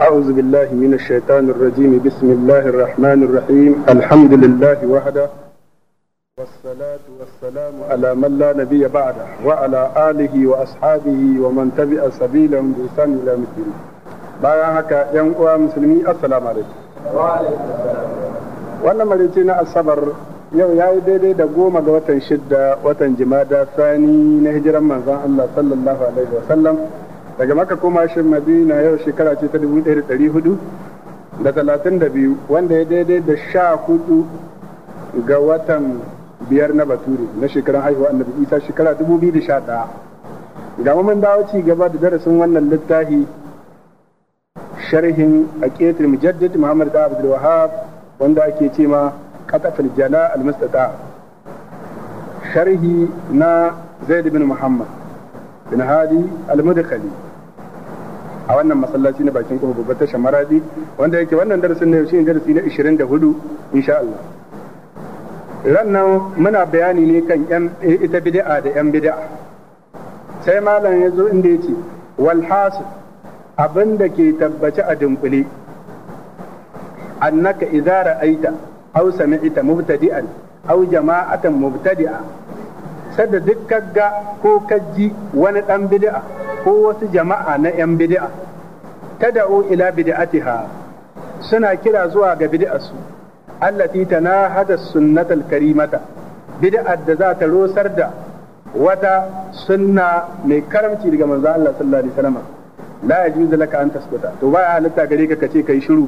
أعوذ بالله من الشيطان الرجيم بسم الله الرحمن الرحيم الحمد لله وحده والصلاة والسلام على من لا نبي بعده وعلى آله وأصحابه ومن تبع سبيلهم بإحسان إلى haka ‘yan uwa musulmi assalamu alaikum wannan marici na asabar yau ya yi daidai da goma ga watan shidda watan da sani na hijiran manzon Allah daga maka koma shi madina yau shekara ce ta dubu ɗaya da ɗari hudu da talatin da biyu wanda ya daidai da sha hudu ga watan biyar na baturi na shekaran haihuwa annabi isa shekara dubu biyu da sha ɗaya ga mamman dawo ci gaba da darasin wannan littafi sharhin a ƙetare mujaddid muhammad da abdul wahab wanda ake ce ma qatatul Jana al sharhi na zaid bin muhammad bin hadi al mudkhali a wannan masallaci na bakin kuma babbar tashar maradi wanda yake wannan darasin na yau shine darasi na 24 insha Allah rannan muna bayani ne kan yan ita bid'a da yan bid'a sai malam ya zo inda yace wal hasil abin da ke tabbaci a dunkule annaka idza ra'aita aw sami'ta mubtadi'an aw jama'atan mubtadi'a sadda duk ga ko kaji wani dan bid'a ko wasu jama'a na yan bid'a tad'u ila bid'atiha suna kira zuwa ga bid'arsu allati tanahada sunnatal karimata bid'ar da za ta rosar da wata sunna mai karamci daga manzo Allah sallallahu alaihi wasallam la yajuzu laka an tasbuta to baya halitta gare ka kace kai shiru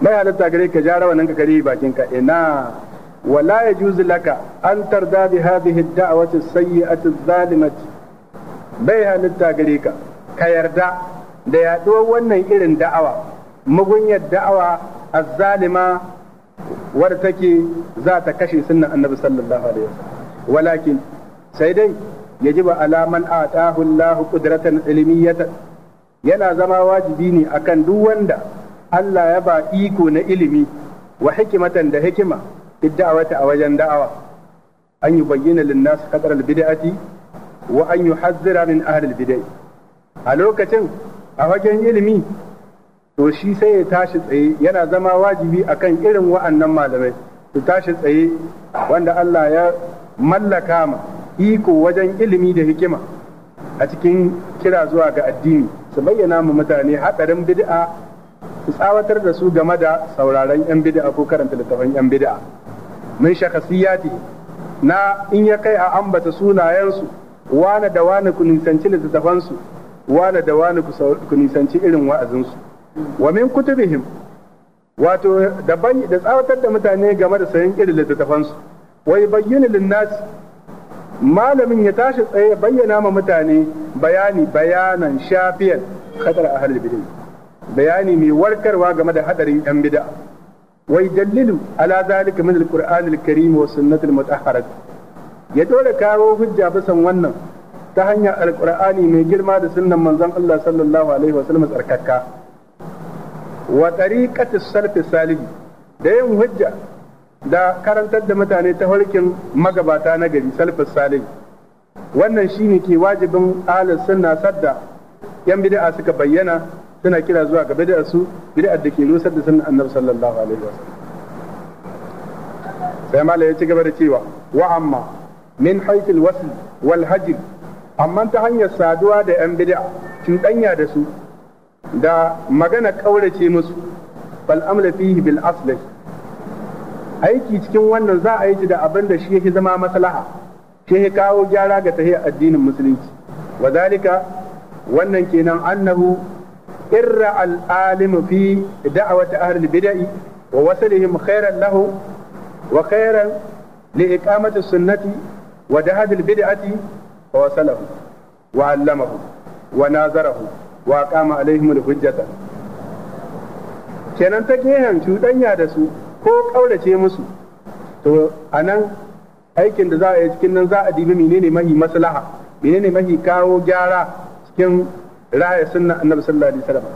bai halitta gare ka jara wannan ka kare bakin ka ina wala yajuzu laka an tarda bi hadhihi ad-da'wati as-sayyi'ati adh-dhalimati bai halitta gare ka ka yarda da yaduwar wannan irin da'awa mugunyar da'awa azzalima wadda take za ta kashe sunnan annabi sallallahu alaihi wasallam walakin sai dai yaji ba alaman atahu Allah qudratan ilmiyata yana zama wajibi ne akan duk wanda Allah ya ba iko na ilimi wa hikimatan da hikima da'awata a wajen da'awa an yi bayyana linnas qadar al-bid'ati wa an yuhazzira min ahli al-bid'ah a lokacin a wajen ilimi to shi sai ya tashi tsaye yana zama wajibi a kan irin wa'annan malamai su tashi tsaye wanda Allah ya mallaka ma iko wajen ilimi da hikima a cikin kira zuwa ga addini su bayyana mu mutane haɗarin bid'a su tsawatar da su game da sauraron 'yan bid'a ko karanta littafin 'yan bid'a min shakasiyati na in ya kai a ambata sunayensu wane da wane ku nisanci littattafansu Wala da wani ku nisanci irin wa'azinsu wa min kutubihim wato da da tsawatar da mutane game da sayan irin littattafansu wai bayyana linnas malamin ya tashi tsaye bayyana ma mutane bayani bayanan shafiyan khatar ahlul bid'ah bayani mai warkarwa game da hadarin yan bid'a wai dalilu ala zalika min alqur'anil karim wa sunnatil mutahharat ya dole kawo hujja bisan wannan ta hanyar alkur'ani mai girma da sunnan manzon Allah sallallahu alaihi wa sallam tsarkaka wa tariqati salfi salih da yin hujja da karantar da mutane ta harkin magabata na gari salfi salih wannan shine ke wajibin ahlus sunna sadda yan bid'a suka bayyana suna kira zuwa ga bid'a su bid'a da ke rusar da sunnan annabi sallallahu alaihi wa sallam sai malai ya ci gaba da cewa wa amma min haythil wasl wal hajj amma ta hanyar saduwa da yan bid'a cuɗanya da su da magana ƙaurace musu bal amla fihi bil aslih aiki cikin wannan za a yi da abin da shi yake zama maslaha shi yake kawo gyara ga tahiyar addinin musulunci wa zalika wannan kenan annahu irra al alim fi da'wati ahli bid'i wa wasalihim khairan lahu wa khairan li iqamati sunnati wa dahad al bid'ati ووصله وعلمه وناظره وأقام عليهم الحجة kenan ta gehen cuɗanya da su ko ƙaurace musu to a nan aikin da za a yi cikin nan za a dibi menene mahi maslaha menene mahi kawo gyara cikin raya sunna annabi sallallahu alaihi wasallam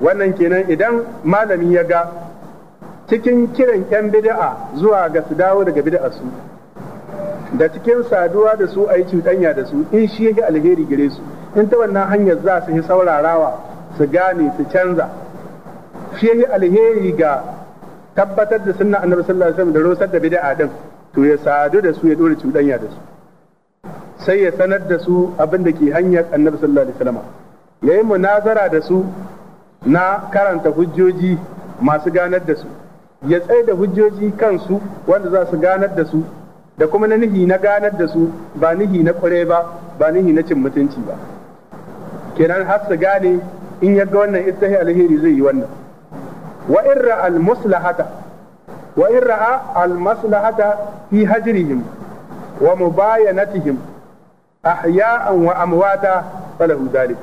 wannan kenan idan malami ya ga cikin kiran yan bid'a zuwa ga su dawo daga bid'a su da cikin saduwa da su a yi cuɗanya da su in shi yake alheri gare su in ta wannan hanyar za su yi saurarawa su gane su canza shi yake alheri ga tabbatar da sunna annabi sallallahu alaihi wasallam da rosar da bid'a din to ya sadu da su ya dore cuɗanya da su sai ya sanar da su abin da ke hanyar annabi sallallahu alaihi wasallam ya munazara da su na karanta hujjoji masu ganar da su ya tsaye da hujjoji kansu wanda za su ganar da su da kuma na nihi na ganar da su ba nihi na kure ba ba nihi na cin mutunci ba kenan har su gane in yaga wannan ittahi alheri zai yi wannan wa in ra'a al muslahata wa irra al maslahata fi hajrihim wa mubayanatihim ahya'an wa amwata falahu dhalik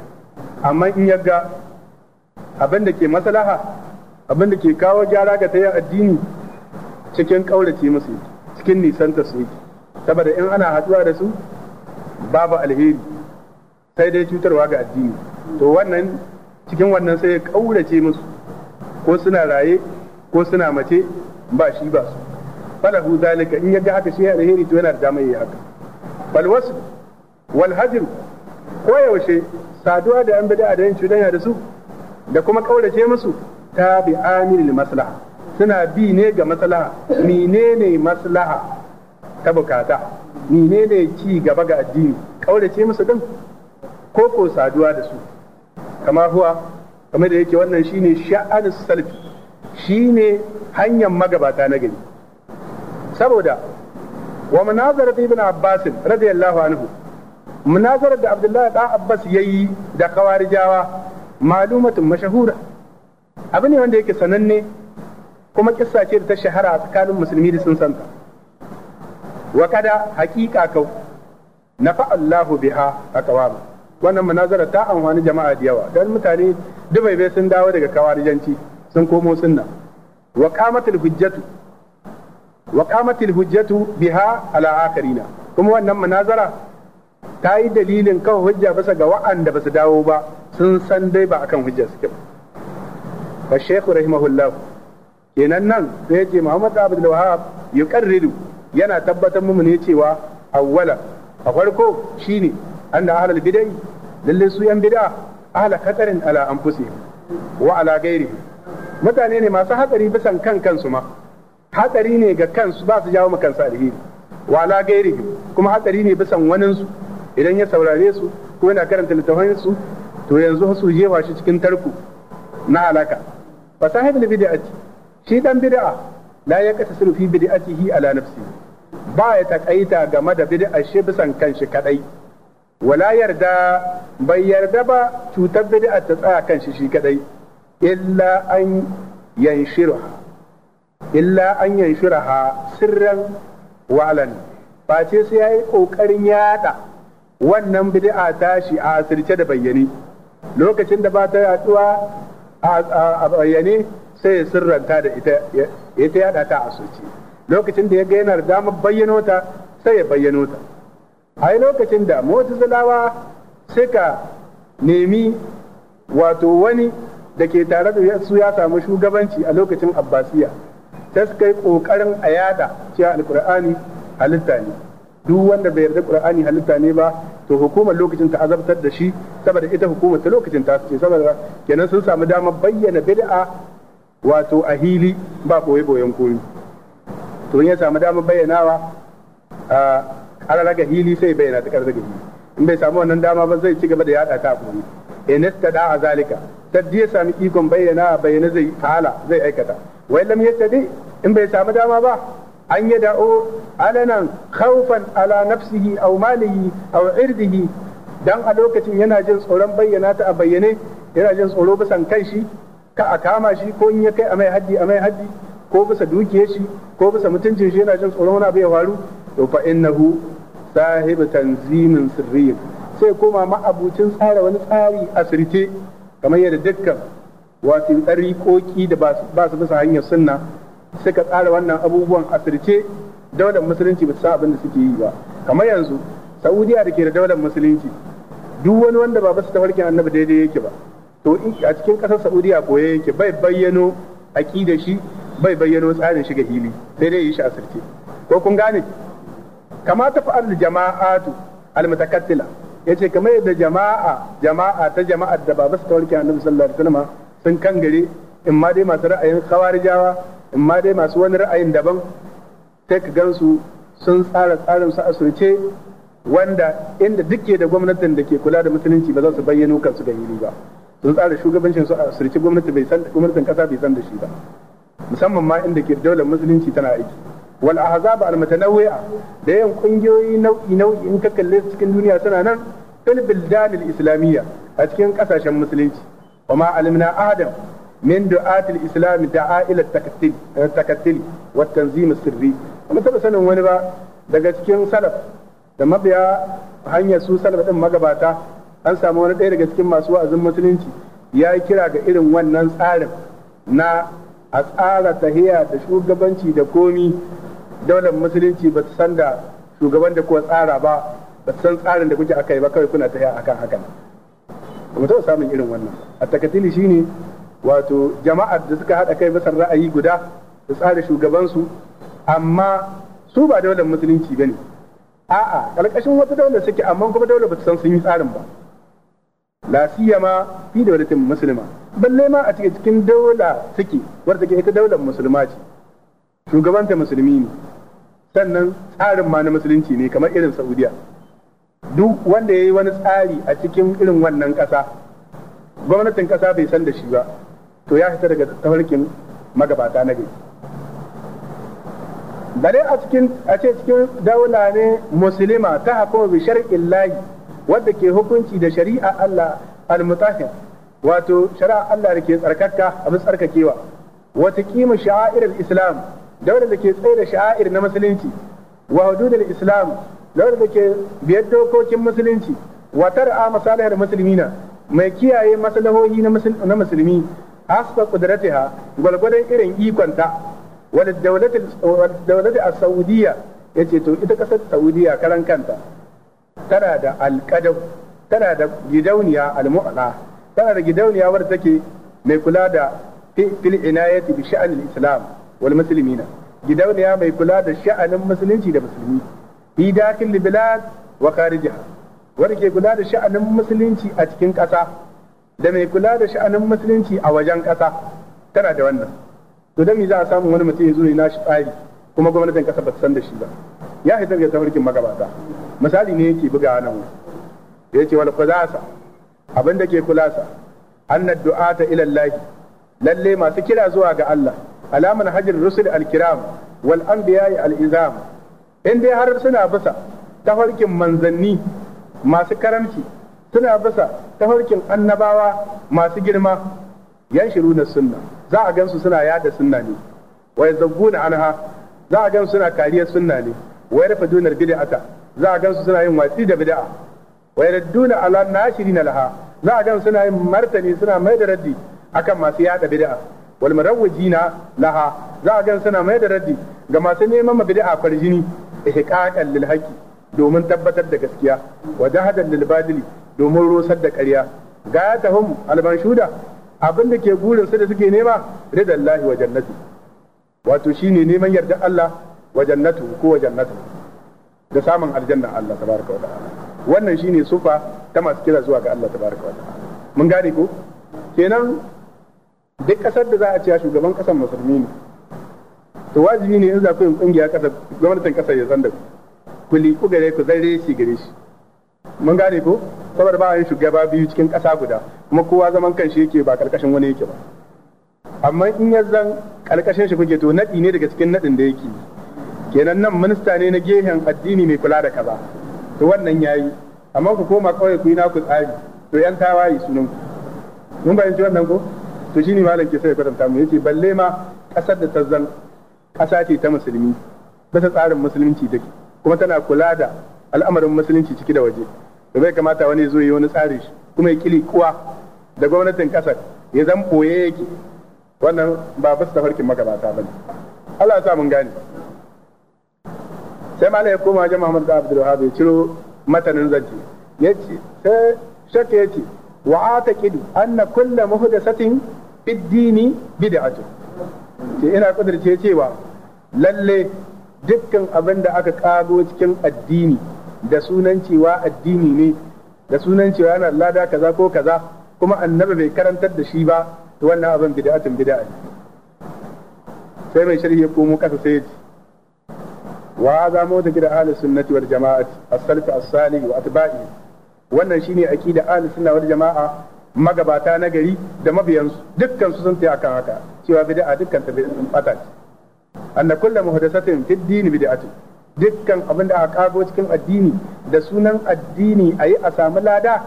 amma in yaga abin da ke maslaha abin da ke kawo gyara ga tayin addini cikin kaurace musu cikin nisanta su saboda in ana haɗuwa da su babu alheri sai dai cutarwa ga addini to wannan cikin wannan sai ya ƙaurace musu ko suna raye ko suna mace ba shi ba su falahu zalika in yadda haka shi alheri to yana da damar yi haka bal wasu wal hajr ko yaushe saduwa da an bid'a da yin cudanya da su da kuma ƙaurace musu tabi'ani amilil maslaha suna bi ne ga maslaha menene maslaha ta bukata menene ci gaba ga addini kaurace musu din ko ko saduwa da su kama huwa kamar da yake wannan shine sha'anus salfi shine hanyar magabata na gari saboda wa munazarat ibn abbas radiyallahu anhu munazara da abdullahi da abbas yayi da kawarijawa malumatun mashahura abu ne wanda yake sananne kuma kissa ce da ta shahara a tsakanin musulmi da sun santa wa kada haqiqa kau fa Allahu biha aqwam wannan munazara ta amfani jama'a da yawa dan mutane dubai bai sun dawo daga kawarijanci sun komo sunna wa qamatul hujjatu wa qamatul hujjatu biha ala akarina kuma wannan munazara ta yi dalilin kan hujja bisa ga wa'anda ba su dawo ba sun san dai ba akan hujja suke ba shaykhu rahimahullah kenan nan sai ce Muhammad Abdul ya yuqarriru yana tabbatar mu ne cewa awwala a farko shine anna ahlul bid'ah lalle su yan bid'a ahla katarin ala anfusi wa ala ghairi mutane ne masu hatsari bisan kan kansu ma hatsari ne ga kansu ba su jawo kansu alheri wa ala ghairi kuma hatsari ne bisan waninsu idan ya saurare su ko yana karanta littafin su to yanzu su jefa shi cikin tarko na halaka fasahibul bid'ah shi dan bid'a la ya kata fi bid'atihi ala nafsi ba ya takaita game da bid'a shi bisan kanshi kadai wala yarda bai yarda ba cutar bid'a ta tsaya kanshi shi kadai illa an yanshirha illa an yanshiraha sirran walan face sai yayi kokarin yada wannan bid'a tashi a asirce da bayyane lokacin da ba ta yaduwa a bayyane sai ya sirranta da ita ya ta yada ta a soci lokacin da ya ga yana damar bayyano ta sai ya bayyano ta a lokacin da mu'tazilawa suka nemi wato wani da ke tare da su ya samu shugabanci a lokacin abbasiya ta suka yi kokarin a yada cewa alkur'ani halitta ne duk wanda bai yarda qur'ani halitta ne ba to hukumar lokacin ta azabtar da shi saboda ita hukumar ta lokacin ta ce saboda kenan sun samu damar bayyana bid'a wato a hili ba ɓoye-ɓoyen kuri to ya samu damar bayyanawa a ga hili sai bayyana ta karzaga hili in bai samu wannan dama ba zai ci gaba da yada ta komi inasta da a zalika ya sami ikon bayyana bayyana zai hala zai aikata wai lam yattadi in bai samu dama ba an yi da'o alanan khawfan ala nafsihi aw malihi aw irdihi dan a lokacin yana jin tsoron bayyana ta a bayyane yana jin tsoro bisan shi? ka a kama shi ko in ya kai a mai haddi a mai haddi ko bisa dukiye shi ko bisa mutuncin shi yana jin tsoron wani abu ya faru to fa innahu sahibu tanzimin sirri sai koma ma'abucin tsara wani tsari a sirte kamar yadda dukkan wato koki da ba su bisa hanyar sunna suka tsara wannan abubuwan a sirce daular musulunci ba san abin da suke yi ba kamar yanzu saudiya da ke da daular musulunci duk wani wanda ba su tafarkin annabi daidai yake ba to a cikin kasar Saudiya koya yake bai bayyano da shi bai bayyano tsarin shiga hili sai dai yi shi a sirce ko kun gane kamata fa al jama'atu al ya ce kamar yadda jama'a jama'a ta jama'ar da ba su tawarki a sallallahu sallar sinima sun gare in ma dai masu ra'ayin khawarijawa in ma dai masu wani ra'ayin daban sai ka gansu sun tsara tsarin su a surce wanda inda duke da gwamnatin da ke kula da musulunci ba za su bayyano kansu da hili ba sun tsara shugabancin su a sirci gwamnati bai san gwamnatin kasa bai san da shi ba musamman ma inda ke daular musulunci tana aiki wal ahzab al mutanawwi'a da yan kungiyoyi nau'i nau'i in ka kalle cikin duniya suna nan fil bildan al islamiyya a cikin kasashen musulunci wa ma alimna adam min du'at al islam da'ail al eh, takattil wa tanzim sirri kuma taba sanin wani ba daga cikin salaf da mabiya hanyar su salaf din magabata an samu wani ɗaya daga cikin masu wa'azin musulunci ya yi kira ga irin wannan tsarin na a tsara tahiya da shugabanci da komi daular musulunci ba san da shugaban da kuwa tsara ba ba san tsarin da kuke aka yi ba kawai kuna tahiya akan hakan ba taɓa samun irin wannan a takatili shine wato jama'ar da suka haɗa kai bisa ra'ayi guda da tsara shugabansu amma su ba daular musulunci ba ne a'a ƙarƙashin wata daular suke amma kuma daular ba su san sun yi tsarin ba la ma fi dawlatin musulma balle ma a cikin cikin daula take wadda take ita daular musulma ce shugabanta musulmi ne sannan tsarin ma na musulunci ne kamar irin saudiya duk wanda ya yi wani tsari a cikin irin wannan ƙasa gwamnatin ƙasa bai san da shi ba to ya fita daga tafarkin magabata na gari bare a cikin a ce cikin daula ne musulma ta hakuma bi shar'in wadda ke hukunci da shari'a Allah al-mutahhir wato shari'a Allah da ke tsarkaka abin tsarkakewa wata kima sha'a'irar islam daular da ke tsaye da sha'air na musulunci wa islam daular da ke biyar dokokin musulunci wata tar'a masalihar musulmina mai kiyaye maslahohi na musulmi hasba qudratiha gwalgwadon irin ikonta wal dawlati as-saudiyya yace to ita kasar saudiya karan kanta tana da alƙadau tana da gidauniya al almu'la tana da gidauniya wadda take mai kula da fil inayati bi sha'anil islam wal muslimina gidauniya mai kula da sha'anin musulunci da musulmi fi dakil bilad wa kharijaha wadda ke kula da sha'anin musulunci a cikin ƙasa da mai kula da sha'anin musulunci a wajen ƙasa tana da wannan to dan me za a samu wani mutum ya zo ya nashi tsari kuma gwamnatin ƙasa ba ta san da shi ba ya haifar da tafarkin magabata misali ne yake buga nan da yace wal khulasa abin da ke kulasa anna du'ata ila Allah lalle masu kira zuwa ga Allah alaman hajjar rusul al-kiram wal anbiya al-izam in dai har suna bisa tafarkin manzanni masu karamci suna bisa tafarkin annabawa masu girma yan shiru na sunna za a gansu suna yada sunna ne wai zagguna anha za a gansu suna kariyar sunna ne wai rufe dunar bid'ata za a gansu suna yin watsi da bid'a wa yarduna ala nashirin laha za a gansu suna yin martani suna mai da raddi akan masu yada bida'a wal murawwijina laha za a gansu suna mai da raddi ga masu neman ma bid'a farjini ihqaqan lil haqi domin tabbatar da gaskiya wa jahadan lil badili domin rosar da ƙarya gayatahum albanshuda abin da ke burin su da suke nema ridallahi wa jannati wato shine neman yarda Allah wa jannatu ko wa jannatu da samun aljanna Allah tabaraka wa ta'ala wannan shine sufa ta masu kira zuwa ga Allah tabaraka wa ta'ala mun gane ko kenan duk kasar da za a ce shugaban kasar musulmi ne to wajibi ne in za ku yi kungiya kasar gwamnatin kasar ya san da ku ku liku gare ku zare shi gare shi mun gane ko saboda ba yin shugaba biyu cikin kasa guda kuma kowa zaman kanshi yake ba karkashin wani yake ba amma in ya zan karkashin shi kuke to naɗi ne daga cikin naɗin da yake yi kenan nan minista ne na gehen addini mai kula da kaza to wannan yayi amma ku koma kawai ku yi naku tsari to yan tawaye sunan ku mun bayanci wannan ko to shine malam ke sai kwatanta mu yace balle ma kasar da ta zan kasa ce ta musulmi bisa tsarin musulunci take kuma tana kula da al'amarin musulunci ciki da waje to bai kamata wani zo yi wani tsari kuma ya kili kuwa da gwamnatin kasar ya zan boye yake wannan ba bisa tafarkin magabata bane Allah ya sa mun gane sai malam ya koma wajen Muhammadu Abdul ya ciro matanin zance yace sai shakka yace wa ataqidu anna kulla muhdathatin fid dini bid'atu ke ina kudirce cewa lalle dukkan abin da aka kago cikin addini da sunan cewa addini ne da sunan cewa yana lada kaza ko kaza kuma annabi bai karantar da shi ba to wannan abin bid'atun bid'a sai mai sharhi ya komo kasa sai ya ce وهذا موضع إلى أهل السنة والجماعة السلف الصالح وأتباعه wannan shine aqida ahlus sunna wal jamaa magabata na gari da mabiyansu dukkan sun tayi akan haka cewa bid'a dukkan ta bata ce anna kullu muhdathatin fid din bid'atu dukkan abin da aka kago cikin addini da sunan addini ayi a samu lada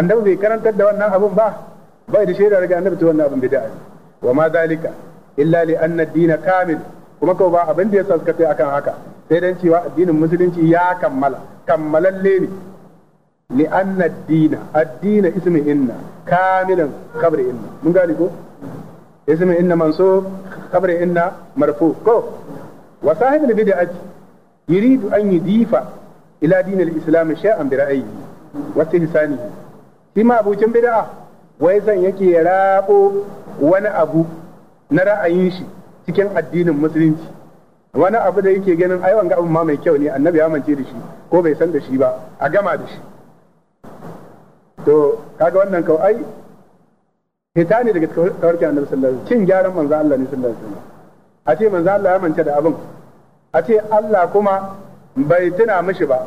annabi bai karantar da wannan abun ba bai da shaida daga annabi to wannan wa ma zalika illa li kamil kuma ko ba abin da ya a akan haka sai dan cewa addinin musulunci ya kammala kammalalle ne li anna addina addina ismi inna kamilan kabri inna mun gane ko ismi inna manso kabri inna marfu ko wa sahib al bid'ati yuridu an yudifa ila din al islam shay'an bi ra'ayi wa tihsanihi shi ma abucin bid'a wai zan yake rabo wani abu na ra'ayin shi cikin addinin musulunci wani abu da yake ganin ai wanga abin ma mai kyau ne annabi ya mance da shi ko bai san da shi ba a gama da shi to kaga wannan kawai ai hita ne daga tawarkin annabi sallallahu alaihi cin gyaran manzo Allah ne sallallahu alaihi wasallam a ce manzo Allah ya mance da abin a ce Allah kuma bai tuna mishi ba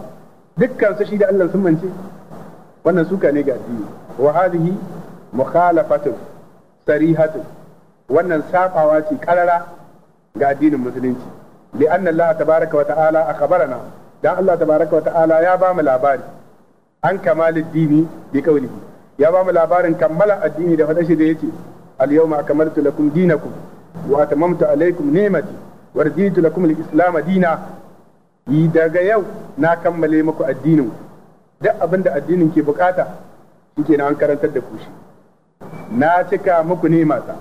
dukkan su shi da Allah sun mance wannan suka ne ga addini wa hadhihi mukhalafatu sarihatu wannan safawa ce karara ga addinin musulunci li anna Allah tabaraka wa ta'ala akhbarana dan Allah tabaraka wa ta'ala ya ba mu labari an kamal addini bi kaulihi ya ba mu labarin kammala addini da fadashi da yace al yawma akmaltu lakum dinakum wa atamamtu alaykum ni'mati wa raditu lakum al-islam dina yi daga yau na kammale muku addinin duk abinda addinin ke bukata shike na an karantar da ku shi na cika muku ni'mata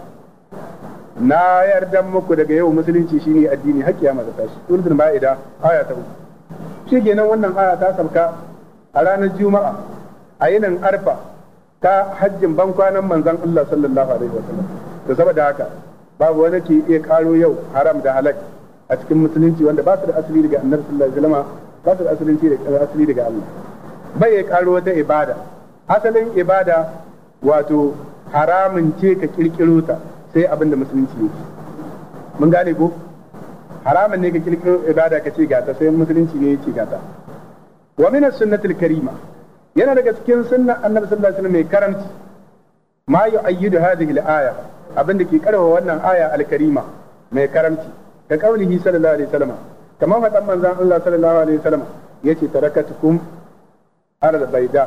na yarda muku daga yau musulunci shine addini har kiyama ta tashi suratul maida aya ta uku kenan wannan aya ta sauka a ranar juma'a a yinin arfa ta hajjin ban kwanan manzon Allah sallallahu alaihi wasallam to saboda haka babu wani ke iya karo yau haram da halal a cikin musulunci wanda ba su da asali daga annabi sallallahu alaihi wasallam ba su da asali daga Allah bai ya karo wata ibada asalin ibada wato haramun ce ka kirkiro ta sai abin da musulunci yake mun gane ko haramun ne ka kirkiro ibada ka ce gata sai musulunci ne yake gata wa min sunnatil karima yana daga cikin sunna annabi sallallahu alaihi wasallam mai karanci ma yu'ayyidu hadhihi al-aya abin da ke karwa wannan aya al-karima mai karanci ka kaulihi sallallahu alaihi wasallam kamar fadan manzon Allah sallallahu alaihi wasallam yace tarakatukum arda baida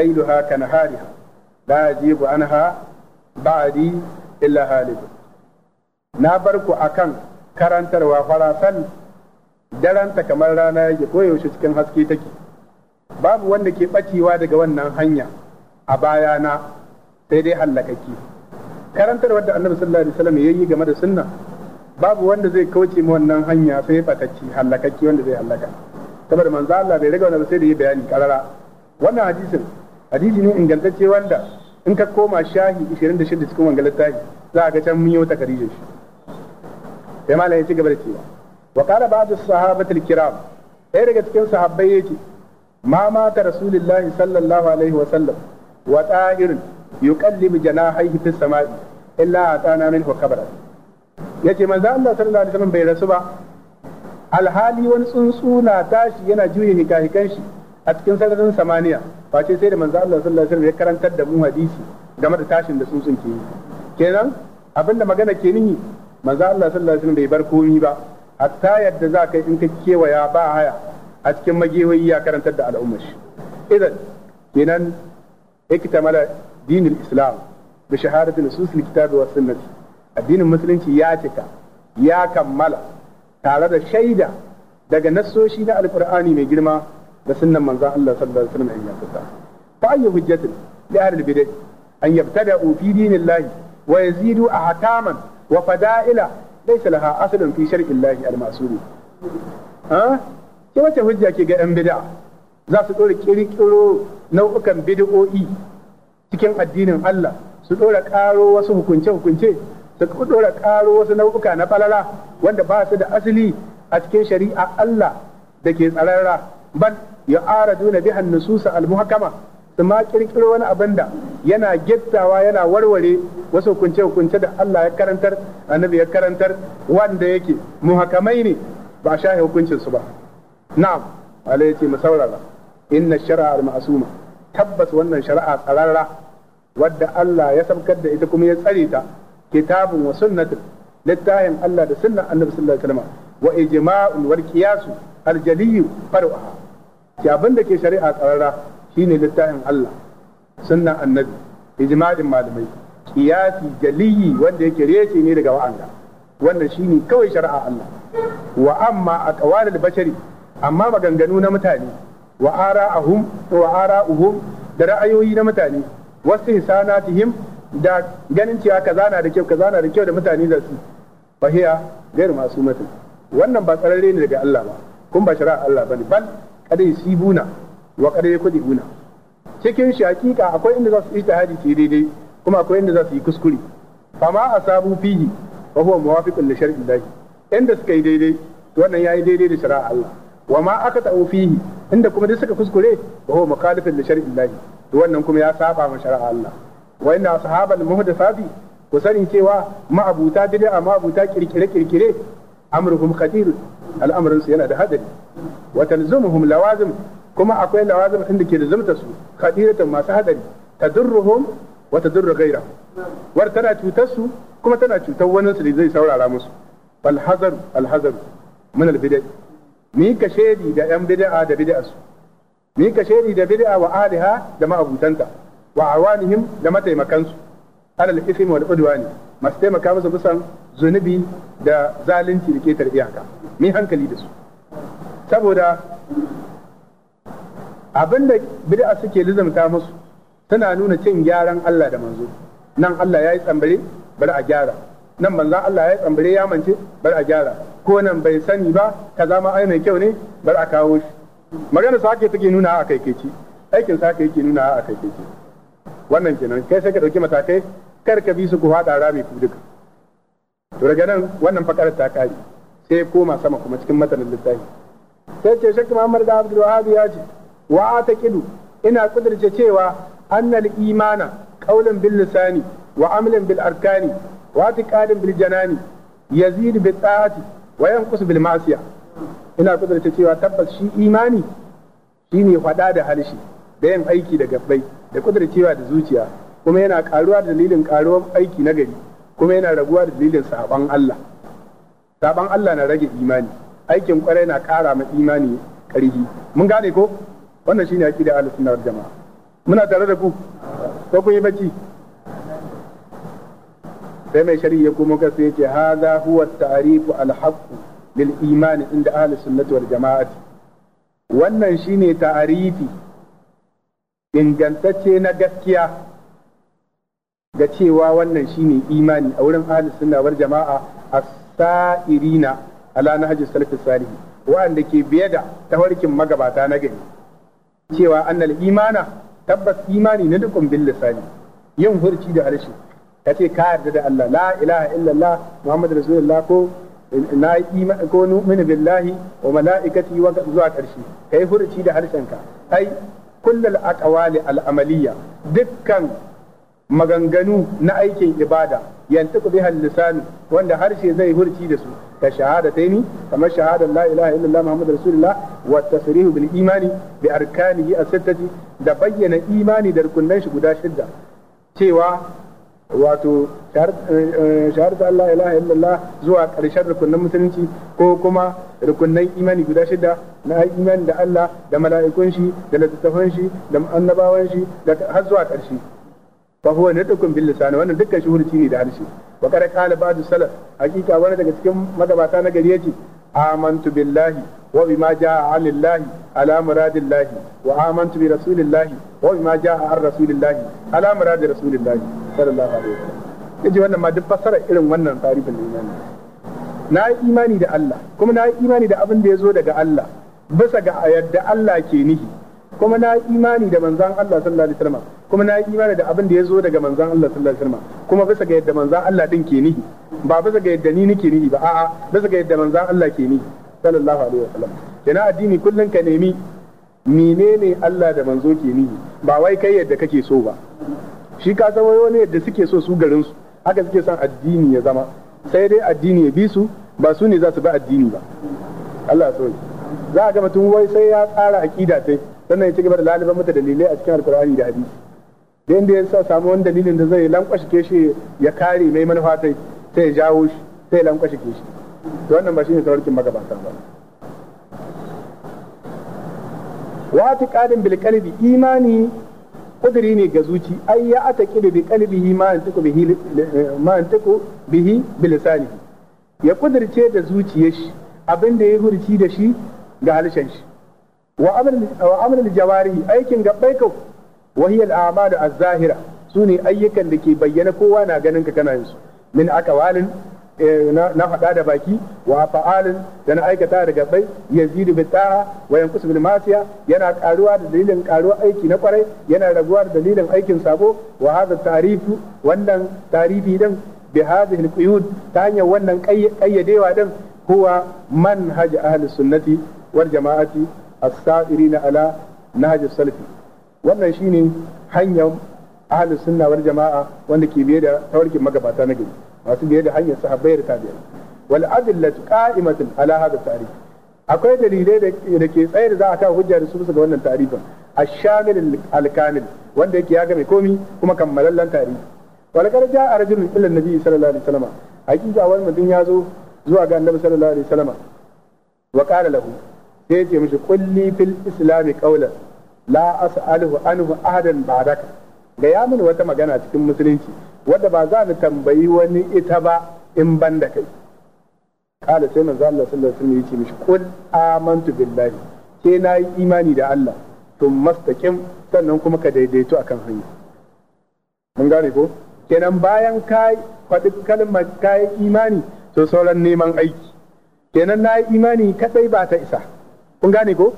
lailuha kanahariha la yajibu anha ba'di illa halibu na bar ku akan karantarwa farasal daranta kamar rana yake koyaushe cikin haske take babu wanda ke ɓacewa daga wannan hanya a bayana sai dai hallakaki karantar wadda annabi sallallahu alaihi wasallam yayi game da sunna babu wanda zai kauce mu wannan hanya sai fatacci hallakaki wanda zai hallaka saboda manzo Allah bai riga wani sai da yi bayani karara wannan hadisin hadisi ne ingantacce wanda in ka koma shahi 26 cikin wanga littafi za ka can mun yi wata karijin shi sai malam ya ci gaba da cewa wa qala ba'd as-sahabati al-kiram Sai daga cikin sahabbai yake ma mata rasulullahi sallallahu alaihi wa sallam wa ta'irun yuqallibu janahaihi fis sama'i illa atana minhu khabara yace manzo Allah sallallahu alaihi wasallam bai rasu ba alhali wani tsuntsu na tashi yana juye hikahikan shi a cikin sararin samaniya face sai da manzo Allah sallallahu alaihi wasallam ya karantar da mu hadisi game da tashin da tsuntsun ke yi kenan abinda magana ke nihi manzo Allah sallallahu alaihi wasallam bai bar komi ba hatta yadda za ka in ka kewaya ba haya a cikin magihoyi ya karantar da al'umma shi idan kenan iktamala dinin islam bi shahadati nusus alkitab wa sunnati addinin musulunci ya cika ya kammala tare da shaida daga nassoshi na alqur'ani mai girma da sunnan manzon Allah sallallahu alaihi wasallam in ya fita fa ayyu hujjatin li ahli bid'ah an yabtada'u fi dinillahi wa yazidu ahkaman wa fada'ila laysa laha aslun fi shar'illahi al-ma'sur ha ke wace hujja ke ga yan bid'a za su dora kirkiro nau'ukan bid'o'i cikin addinin Allah su dora karo wasu hukunce hukunce su dora karo wasu nau'uka na falala wanda ba su da asali a cikin shari'a Allah da ke tsararra ban yu'araduna biha an-nusus al-muhkama su ma kirkiro wani abin da yana gittawa yana warware wasu hukunce kunce da Allah ya karantar annabi ya karantar wanda yake muhakamai ne ba a shahe hukuncin su ba na'am ya ce mu saurara inna shar'a al-ma'suma tabbas wannan shari'a tsararra wadda Allah ya sabkar da ita kuma ya tsare ta kitabun wa sunnatin littafin Allah da sunnan annabi sallallahu alaihi wasallam wa ijma'un wal qiyas al-jali far'uha ki abin da ke shari'a karara shine littafin Allah sunna annabi ijma'in malamai kiyasi jaliyi wanda yake reshe ne daga wa'anda wannan shine kawai shari'a Allah wa amma aqwalul bashari amma maganganu na mutane wa ara'ahum wa ara'uhum da ra'ayoyi na mutane wasu hisanatihim da ganin cewa kaza na da kyau kaza na da kyau da mutane da su fahiya gairu masu mutum wannan ba tsararre ne daga Allah ba kun ba shari'a Allah bane bal kada yusibuna wa kada yakuduna cikin shi hakika akwai inda za su ijtihadi ke daidai kuma akwai inda za su yi kuskure fama sabu fihi wa huwa muwafiqun li shar'i Allah inda suka yi daidai to wannan yayi daidai da shari'a Allah wa ma aka ta'u fihi inda kuma duk suka kuskure wa huwa mukhalifun li shar'i Allah to wannan kuma ya saba ma shari'a Allah wa inna ashabal muhdathati ku sani cewa ma'abuta bid'a ma'abuta kirkire kirkire amruhum khatir al'amarin su yana da hadari wa talzumuhum lawazim kuma akwai lawazim din ke da zumta su khadiratan masu hadari tadurruhum wa tadurru ghaira war tana cutar su kuma tana cutar wani su da zai saurara musu fal hazar al hazar min al bid'a mi ka shedi da yan bid'a da bid'a su mi ka shedi da bid'a wa aliha da ma'abutanta wa awanihim da mataimakansu alal ismi wal udwani masu taimaka masa bisan zunubi da zalunci da ketar iyaka mai hankali da su saboda abin da bid'a suke lizamta musu tana nuna cin gyaran Allah da manzo nan Allah ya yi tsambare bari a gyara nan manzan Allah ya yi tsambare ya mance bari a gyara ko nan bai sani ba ka zama ai mai kyau ne bari a kawo shi magana sa ake take nuna a kai keci aikin sa yake nuna a kai keci wannan kenan kai sai ka dauki matakai kar ka bi su ku haɗa rami ku duka to daga nan wannan fakarar ta kare sai koma sama kuma cikin matanin littafi sai ce shakka Muhammad da Abdul wahab ya ce wa kidu ina kudirce cewa annal imana qaulan bil lisani wa amalan bil arkani wa tiqadin bil janani yazid bi ta'ati wa yanqus bil ina kudirce cewa tabbas shi imani shine fada da halshi da yin aiki da gabbai da kudircewa da zuciya kuma yana karuwa da dalilin karuwar aiki na gari kuma yana raguwa da dalilin sabon Allah saban Allah na rage imani aikin kwarai na ƙara ma imani ƙarfi mun gane ko wannan shine aqida ahlus sunna wal jamaa muna tare da ku ko kun yi bacci sai mai shari'i ya komo kasu yace hadha huwa ta'rifu al-haqq lil imani inda ahlus sunnati wal ce wannan shine ta'arifi ingantacce na gaskiya ga cewa wannan shine imani a wurin ahlus sunna wal jama'a sa'irina ala nahji salafis salihi wa'anda ke biye da tawarkin magabata na gari cewa annal imana tabbas imani na dukkan bil lisani yin hurci da harshe ka ce ka yarda da Allah la ilaha illallah muhammadu rasulullah ko na imani ko nu'minu billahi wa malaikati wa zuwa karshe kai furci da harshenka ai kullal aqwali al amaliyya dukkan maganganu na aikin ibada yantiku biha lisanu wanda harshe zai hurci da su ka shahadataini kamar shahadar la ilaha illallah muhammadur rasulullah wa tasrihu bil imani bi arkanihi as-sittati da bayyana imani da rukunan shi guda shidda cewa wato eh, shahadatu Allah ilaha illallah zuwa karshen rukunin musulunci ko kuma rukunin imani guda shidda na imani da Allah da mala'ikun shi da littattafan shi da annabawan shi har zuwa ƙarshe fa huwa nadqun bil lisan wannan dukkan shuhurci ne da harshe wa kada qala ba'd salaf hakika wani daga cikin magabata na gari yace amantu billahi wa bima jaa anillahi ala muradillahi wa amantu bi rasulillahi wa bima jaa ar rasulillahi ala muradi rasulillahi sallallahu alaihi wasallam yace wannan ma duk fassara irin wannan tarifin imani na yi imani da Allah kuma na yi imani da abin da ya zo daga Allah bisa ga yadda Allah ke nihi kuma na imani da manzan Allah sallallahu alaihi wasallam kuma na imani da abin da ya zo daga manzan Allah sallallahu alaihi wasallam kuma bisa ga yadda manzan Allah din ke nihi ba bisa ga yadda ni nake nihi ba a'a bisa ga yadda manzan Allah ke nihi sallallahu alaihi wasallam kenan addini kullun ka nemi menene Allah da manzo ke nihi ba wai kai yadda kake so ba shi ka san wai wani yadda suke so su garin su haka suke son addini ya zama sai dai addini ya bi su ba su ne za su bi addini ba Allah ya so za a ga mutum wai sai ya tsara aqida sai sannan ya ci gaba da laliban mata dalilai a cikin alkur'ani da hadisi da inda ya sa samu wani dalilin da zai lankwashe shi ya kare mai manufa sai ya jawo shi sai ya lankwashe shi to wannan ba shine sarkin magabata ba wa qadin bil qalbi imani kudiri ne ga zuci ai ya ataqidu bi qalbi ma antaku bihi ma antaku bihi bilisanihi ya kudirce da zuciyar shi abin da ya hurci da shi ga halshen shi wa amal jawari aikin gabbai ko wa hiya al-a'malu az-zahira sune ayyukan da ke bayyana kowa na ganin ka kana yin su min walin eh, na hada da baki wa fa'alin da na aikata da gabai yazidu bi ta'a wa yanqusu bil masiya yana karuwa da dalilin karuwa aiki na kwarai yana raguwa da dalilin aikin sabo wa hadha tarifu wannan tarifi din bi hadhihi al quyud ta hanyar wannan kayyadewa din huwa manhaj ahli sunnati wal jama'ati as na ala nahj salafi wannan shine hanyar ahlus sunna wal jama'a wanda ke biye da tawarkin magabata na gari masu biye da hanyar sahabbai da tabi'i wal adillatu qa'imatun ala hadha ta'rif akwai dalilai da ke tsaye da za a kawo hujja da su ga wannan ta'rifin ash-shamil al-kamil wanda yake ya ga mai komi kuma kammalallen ta'rifi wal karja arjul ila nabi sallallahu alaihi wasallam hakika wannan mutum ya zo zuwa ga annabi sallallahu alaihi wasallam wa qala lahu sai ce mishi kulli fil islami qawlan la as'aluhu anhu ahadan ba'daka ga ya mun wata magana cikin musulunci wanda ba za ni tambayi wani ita ba in ban da kai kala sai manzo Allah sallallahu alaihi wasallam ya ce mishi kul amantu billahi sai na yi imani da Allah to mastaqim sannan kuma ka daidaito akan hanya mun gane ko kenan bayan kai faɗi kalmar kai imani to sauran neman aiki kenan na yi imani kadai ba ta isa kun gane ko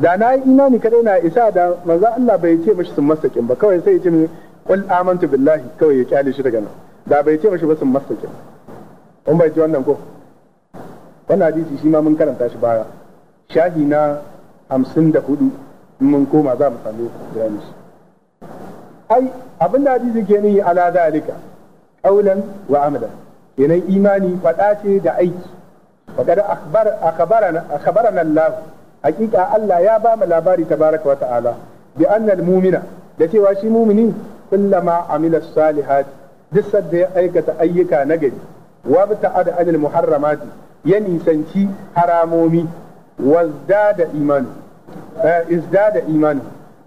da na yi imani kadai na isa da manzo Allah bai ce mishi sun masakin ba kawai sai ya ce qul amantu billahi kawai ya kyale shi daga nan da bai ce mishi ba sun masakin kun bai ji wannan ko wannan hadisi shi ma mun karanta shi baya shahi na hamsin da hudu in mun koma za mu samu bayani shi ai abin da hadisi ke nihi ala zalika qaulan wa amalan kenan imani fada ce da aiki faqad akhbar akhbarana akhbarana Allah hakika Allah ya bama mu labari tabaraka wa ala bi anna mumina da cewa shi mu'mini kullama amila salihat duk sadda ya aikata ayyuka nagari wa ta'ada anil muharramati ya nisanci haramomi wazdada imanu eh, izdada imanu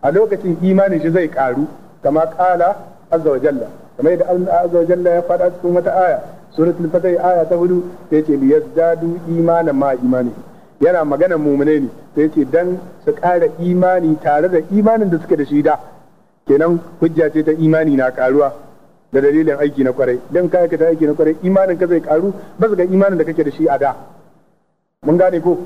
a lokacin imanin shi zai ƙaru kama kala azza jalla kamar yadda Allah jalla ya faɗa cikin wata aya suratul fatih aya ta hudu sai ce liyazdadu imanan ma imani yana magana mumune ne sai ce dan su ƙara imani tare da imanin da suke da shi da kenan hujja ce ta imani na karuwa da dalilin aiki na kwarai dan ka aikata aiki na kwarai imanin ka zai karu ba su ga imanin da kake da shi a da mun gane ko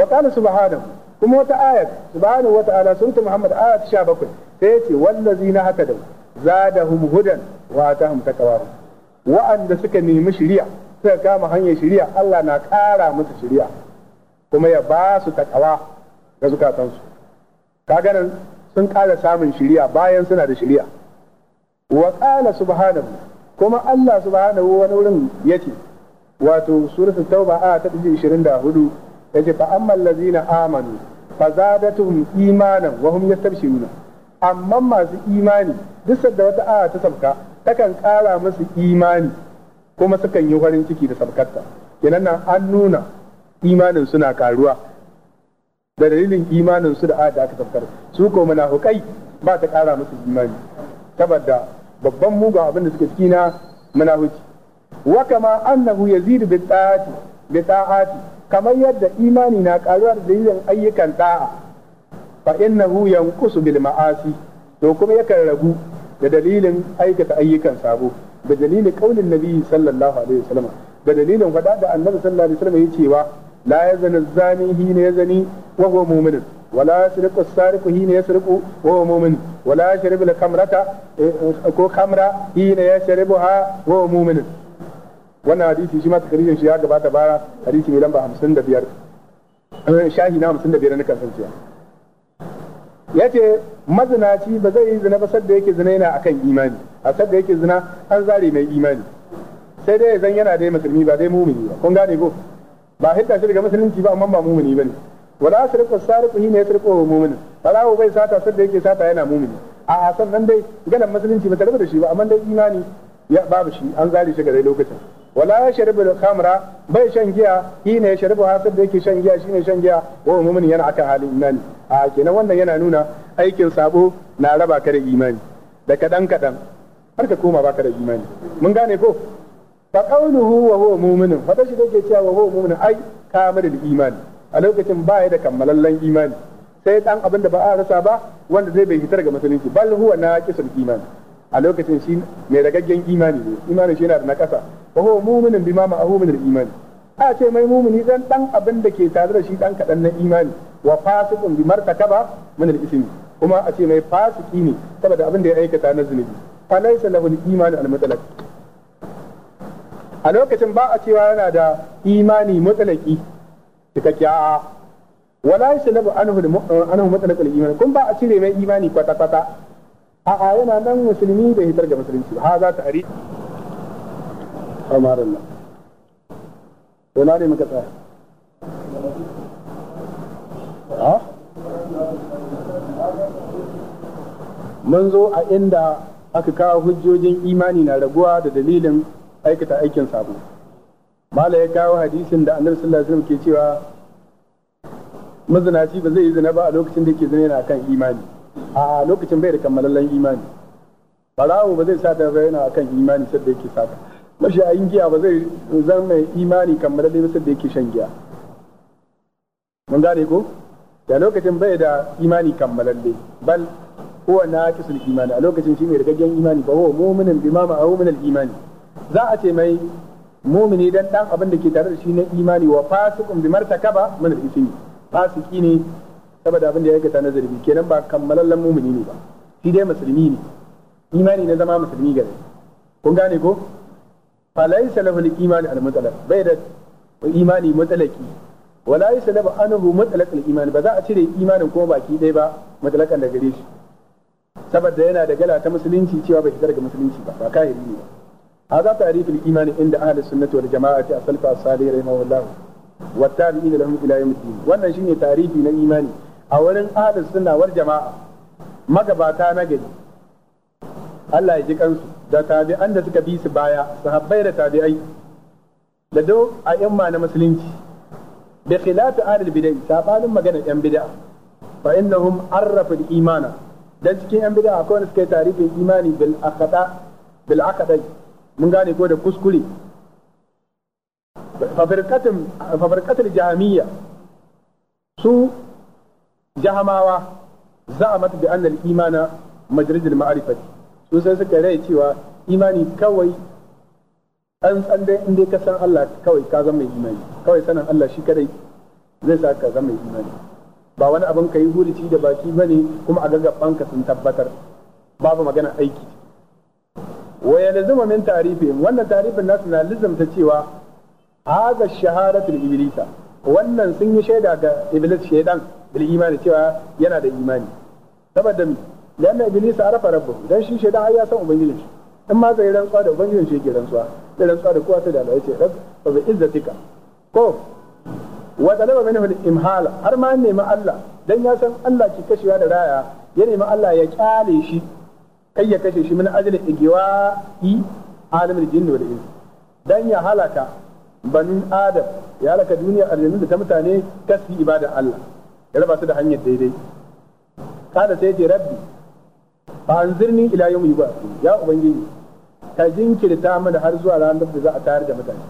wa ta'ala subhanahu kuma wata ayat subhanahu wa ta'ala sunnatu muhammad ayat 17 sai ce wallazina hatadu zadahum hudan wa atahum wa'anda suka nemi shiriya suka kama hanyar shiriya Allah na ƙara musu shiriya kuma ya ba su takawa ga zukatansu kaga nan sun ƙara samun shiriya bayan suna da shiriya wa qala subhanahu kuma Allah subhanahu wani wurin yace wato suratul tauba a ta 24 yace fa ammal zina amanu fazadatuhum imanan wa hum yastabshiruna amma masu imani duk da wata aya ta sabka takan ƙara musu imani kuma sukan yi farin ciki da sabkarta kenan nan an nuna imanin suna karuwa da dalilin imanin su da aya da aka sabkar su ko munafukai ba ta ƙara musu imani saboda babban mugun abin da suke ciki na munafiki wa kama annahu yazidu bi ta'ati bi ta'ati kamar yadda imani na karuwa da dalilin ayyukan ta'a. fa innahu yanqusu bil ma'asi to kuma yakan ragu da dalilin aikata ayyukan sabo da dalilin kaulin nabi sallallahu alaihi wasallam da dalilin fada da annabi sallallahu alaihi wasallam yace wa la yazni zani hina yazni wa huwa mu'min ولا يسرق السارق حين يسرق وهو مؤمن ولا يشرب kamrata ko kamra hina yashrabuha wa huwa mu'min wannan hadisi shi ma takarijin shi ya gabata baya hadisi mai lamba 55 eh, shahi na 55 na kasancewa ya ce mazinaci ba zai yi zina ba sadda yake zina yana akan imani a sadda yake zina an zare mai imani sai dai zan yana dai musulmi ba dai mumini ba kun gane ko ba hidda shi daga musulunci ba amma ba mumini bane wala sarqa sarqu hina yasriqu wa mu'min falawo bai sata sadda yake sata yana mumini a sannan dai ganin musulunci ba ta da shi ba amma dai imani ya babu shi an zare shi ga dai lokacin wala yashrabu khamra bai shan giya yi ne yashrabu hasab da yake shan giya shine shan giya wa mu'min yana akan halin imani a kenan wannan yana nuna aikin sabo na raba ka da imani da kadan kadan har ka koma baka da imani mun gane ko fa qawluhu wa huwa mu'min fa shi yake cewa wa huwa mu'min ai kamar da imani a lokacin ba ya da kammalallen imani sai dan abin da ba a rasa ba wanda zai bai fitar ga musulunci bal huwa naqisul imani a lokacin shi mai ragaggen imani ne imani shi yana da na nakasa fa huwa mu'minun bima ma'ahu min al-iman a ce mai mumini dan dan abin da ke tare da shi dan kadan na imani wa fasiqun bi martakaba min al-ithmi kuma a ce mai fasiki ne saboda abin da ya aikata na zunubi fa laysa lahu al-iman al-mutlaq a lokacin ba a cewa yana da imani mutlaki cikakkiya a wala yashnabu anhu anhu mutlaq al-iman kun ba a cire mai imani kwata kwata a a yana nan musulmi da hitar ga musulunci ha za ta ari kamar Allah ne muka tsaya ha mun zo a inda aka kawo hujjojin imani na raguwa da dalilin aikata aikin sabo mala ya kawo hadisin da annabi sallallahu alaihi wasallam ke cewa mazinaci ba zai yi zina ba a lokacin da yake zina yana kan imani a lokacin bai da kammalallen imani barawo ba zai sata ba yana akan imani sai da yake sata mashayin giya ba zai zan mai imani kamar da bisa da yake shan giya mun gane ko da lokacin bai da imani kammalalle bal huwa naqisul imani a lokacin shi mai rigaggen imani ba huwa mu'minin bima a min al-imani za a ce mai mumini dan dan abin da ke tare da shi na imani wa fasiqun bi martakaba min al-ismi fasiki ne saboda abin da ya gata na zarbi kenan ba kammalallen mumini ne ba shi dai musulmi ne imani na zama musulmi gare kun gane ko falaysa lahu al-iman al-mutlaq bai da imani mutlaqi wala yusalaba anhu mutlaq al-iman ba za a cire imanin kuma baki ba saboda yana da gala ta musulunci cewa bai shigar ga musulunci ba ba kahiri ne هذا تعريف الإيمان عند أهل السنة والجماعة السلف الصالح رحمه الله والتابعين لهم إلى يوم الدين na imani. A wurin أولا أهل السنة jama'a. magabata na gari Allah ya ji kansu da tabi'an da suka bi su baya sahabbai da tabi'ai da do a imma na musulunci bi khilafi ahlul bid'ah sabanin magana yan bid'a fa innahum arrafu al-imana dan cikin yan bid'a akwai wanda suka yi imani bil aqda bil aqdai mun gane ko da kuskure fabrikatin fabrikatul jahamiyya su jahamawa za'amat bi anna al-imana majrid al-ma'rifati su sai suka rai cewa imani kawai an san dai in dai ka san Allah kawai ka zama mai imani kawai sanin Allah shi kadai zai sa ka zama mai imani ba wani abin ka yi hurici da baki bane kuma a gaggaban ka sun tabbatar babu magana aiki da zuma min ta'rifin wannan ta'rifin nasu na lizamta cewa haza shahadatul iblisa wannan sun yi shaida ga iblis shaidan bil imani cewa yana da imani saboda lanna iblisa arafa rabbahu dan shi shedan ai ya san ubangijin shi in ma zai rantsuwa da ubangijin shi yake rantsuwa zai rantsuwa da kowa sai da Allah ya ce rabb fa bi izzatika ko wa talaba minhu al-imhala har ma nemi Allah dan ya san Allah ki kashewa da raya ya nemi Allah ya kyale shi kai ya kashe shi min ajli igiwa yi alimul jinni wal ins dan ya halaka banin adam ya halaka duniya aljannu da ta mutane kasi ibada Allah ya raba su da hanyar daidai kada sai ce rabbi fa zirni ila yawmi ba ya ubangiji ka jinkirta mana har zuwa ranar da za a tayar da mutane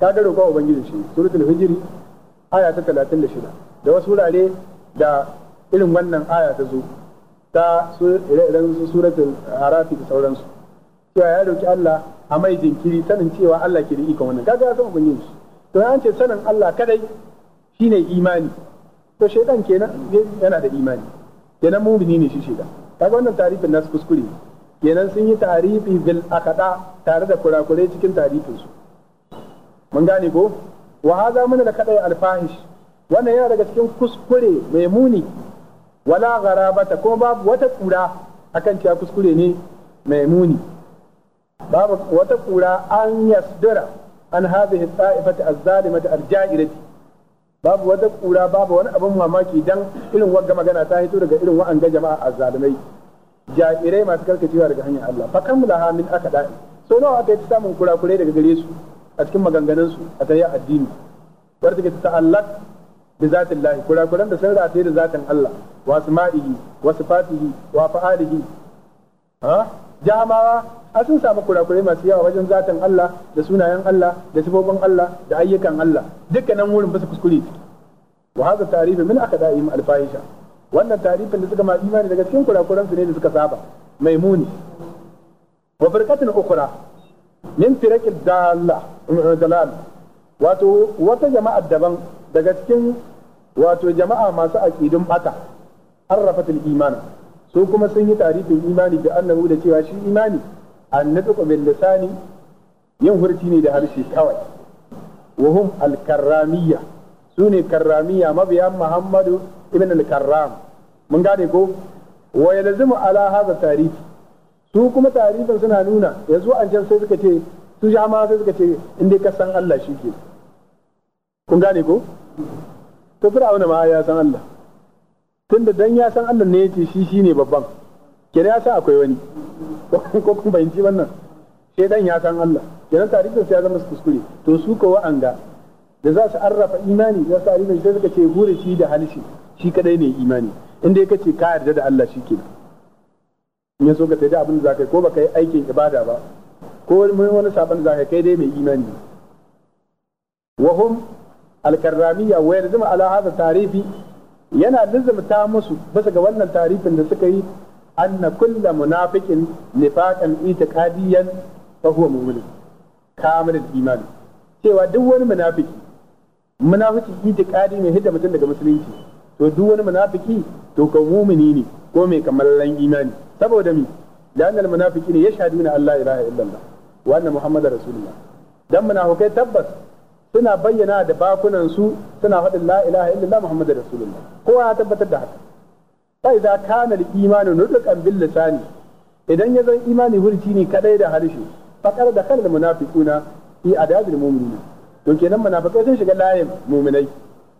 ka ga roƙon ubangiji shi suratul hijri aya ta 36 da wasu wurare da irin wannan aya ta zo ta ire-iren suratul harafi da sauransu cewa ya roki Allah a mai jinkiri sanin cewa Allah ke da ikon wannan kaga ya san ubangiji shi to an ce sanin Allah kadai shine imani to shaidan kenan yana da imani kenan mumini ne shi shaidan ga wannan tarifin nasu kuskure kenan sun yi tarifi bil akada tare da kurakurai cikin tarifinsu. mun gane ko wa hadha da kaɗai kadai alfahish wannan yana daga cikin kuskure mai muni wala gharabata ko babu wata kura akan cewa kuskure ne mai muni babu wata kura an yasdara an hadhihi ta'ifati az-zalimati al-ja'irati babu wata kura babu wani abin mamaki dan irin wagga magana ta hito daga irin wa'anga jama'a azzalumai jairai masu karkacewa daga hanyar Allah fa kamlaha aka akada'i so nawa aka yi samun kura kurai daga gare su a cikin maganganun su a tayi addini wanda take ta'allaq bi zatin Allah kurakuran da sun rataye da zatin Allah wasu asma'ihi wasu sifatihi wa fa'alihi ha Jamawa a sun samu kurakurai masu yawa wajen zatan Allah da sunayen Allah da sifofin Allah da ayyukan Allah dukkanin wurin bisa kuskure wa hadha ta'rifu min akda'ihim al-fahisha wannan tarifin da suka ma imani daga cikin kurakuran su ne da suka saba maimuni wa firqatin ukhra min firaqil dalla eh, dalal wato wata jama'a daban daga cikin wato jama'a masu aqidun bata arrafatul imani su kuma sun yi tarifin imani da annabu da cewa shi imani annatuqu bil lisani yin hurci ne da harshe kawai wa hum al karramiyya su ne karramiyya mabiyan muhammadu ibn al karram mun gane ko wa yalzimu ala hadha tarifi su kuma tarifin suna nuna yanzu an can sai suka ce su jama'a sai suka ce in dai ka san Allah shi ke kun gane ko to fir'auna ma ya san Allah tunda dan ya san Allah ne ya ce shi shine babban kenan ya san akwai wani ko kun bayanci wannan sai dan ya san Allah kenan tarihin sai ya zama kuskure to su ka wa'anga da za su arrafa imani za su tarihin sai suka ce gure shi da halishi shi kadai ne imani inda ya kace ka yarda da Allah shikenan in ya so ka da abin da zaka yi ko baka yi aikin ibada ba ko wani saban zaka kai dai mai imani wahum alkarramiya wa yarzumu ala hadha tarifi yana lizumta musu bisa ga wannan tarifin da suka yi anna kulla munafiqin nifaqan itiqadiyan fa huwa mu'min kamil iman cewa duk wani munafiki munafiki itiqadi mai hidda mutum daga musulunci to duk wani munafiki to ka mu'mini ne ko mai kamallan imani saboda mi da annal munafiki ne ya shahadu na Allah ilaha illallah wa anna muhammadar rasulullah dan munafikai tabbas suna bayyana da bakunan su suna faɗin la ilaha illallah muhammadur rasulullah kowa ya tabbatar da haka Sai idza kana al-iman nutqan bil lisani idan ya zan imani hurci ne kadai da harshe faqar da kal munafiquna fi adabil mu'minina to kenan munafiqai sun shiga layin mu'minai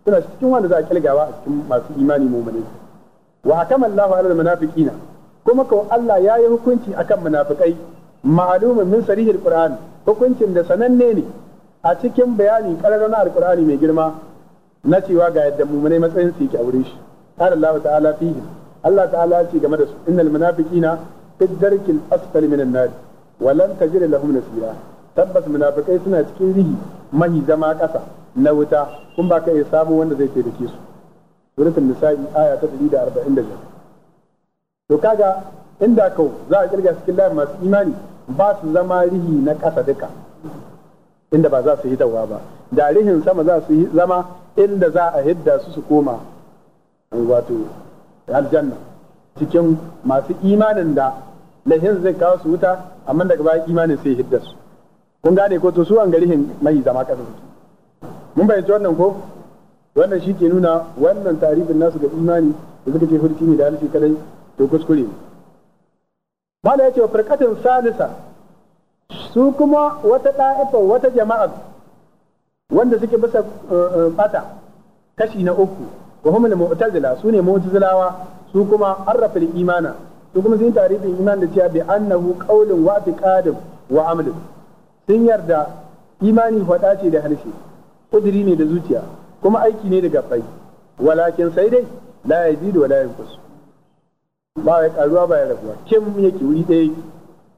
suna cikin wanda za a kilgawa a cikin masu imani mu'minai wa hakama Allahu ala al-munafiqina kuma ko Allah ya yi hukunci akan munafiqai ma'lumun min sarihil qur'an hukuncin da sananne ne a cikin bayani ƙararra na alƙur'ani mai girma na cewa ga yadda mummunai matsayin su yake a wurin shi qala Allah ta'ala fihi Allah ta'ala ya ce game da su innal munafiqina fi darkil asfali minan nar wa lan tajid lahum nasira tabbas munafikai suna cikin rihi mahi zama ƙasa na wuta kun ba ka iya samu wanda zai taimake su suratul nisa'i aya ta 145 to kaga inda kau za a kirga cikin layin masu imani ba su zama rihi na ƙasa duka inda ba za su yi dawa ba da rihin sama za su zama inda za a hidda su su koma wato aljanna cikin masu imanin da lahin zai kawo su wuta amma daga baya imanin sai hidda su kun gane ko to su an garihin mai zama kasa mun bayyana wannan ko wannan shi ke nuna wannan tarihin nasu ga imani da suka ce furci ne da halshe kadai to kuskure ne ya ce wa salisa su kuma wata ɗa'ifa wata jama'a wanda suke bisa bata eh, eh, kashi na uku wa hum al-mu'tazila ne mu'tazilawa su kuma arrafa imana su kuma sun tarifin iman da cewa bi annahu ƙaunin wa i'tiqadun wa amalun sun yarda imani faɗa ce da harshe kudiri ne da zuciya kuma aiki ne da gafai walakin sai dai la yazidu wa la yanqus ba ya karuwa ba ya rabuwa kim yake wuri ɗaya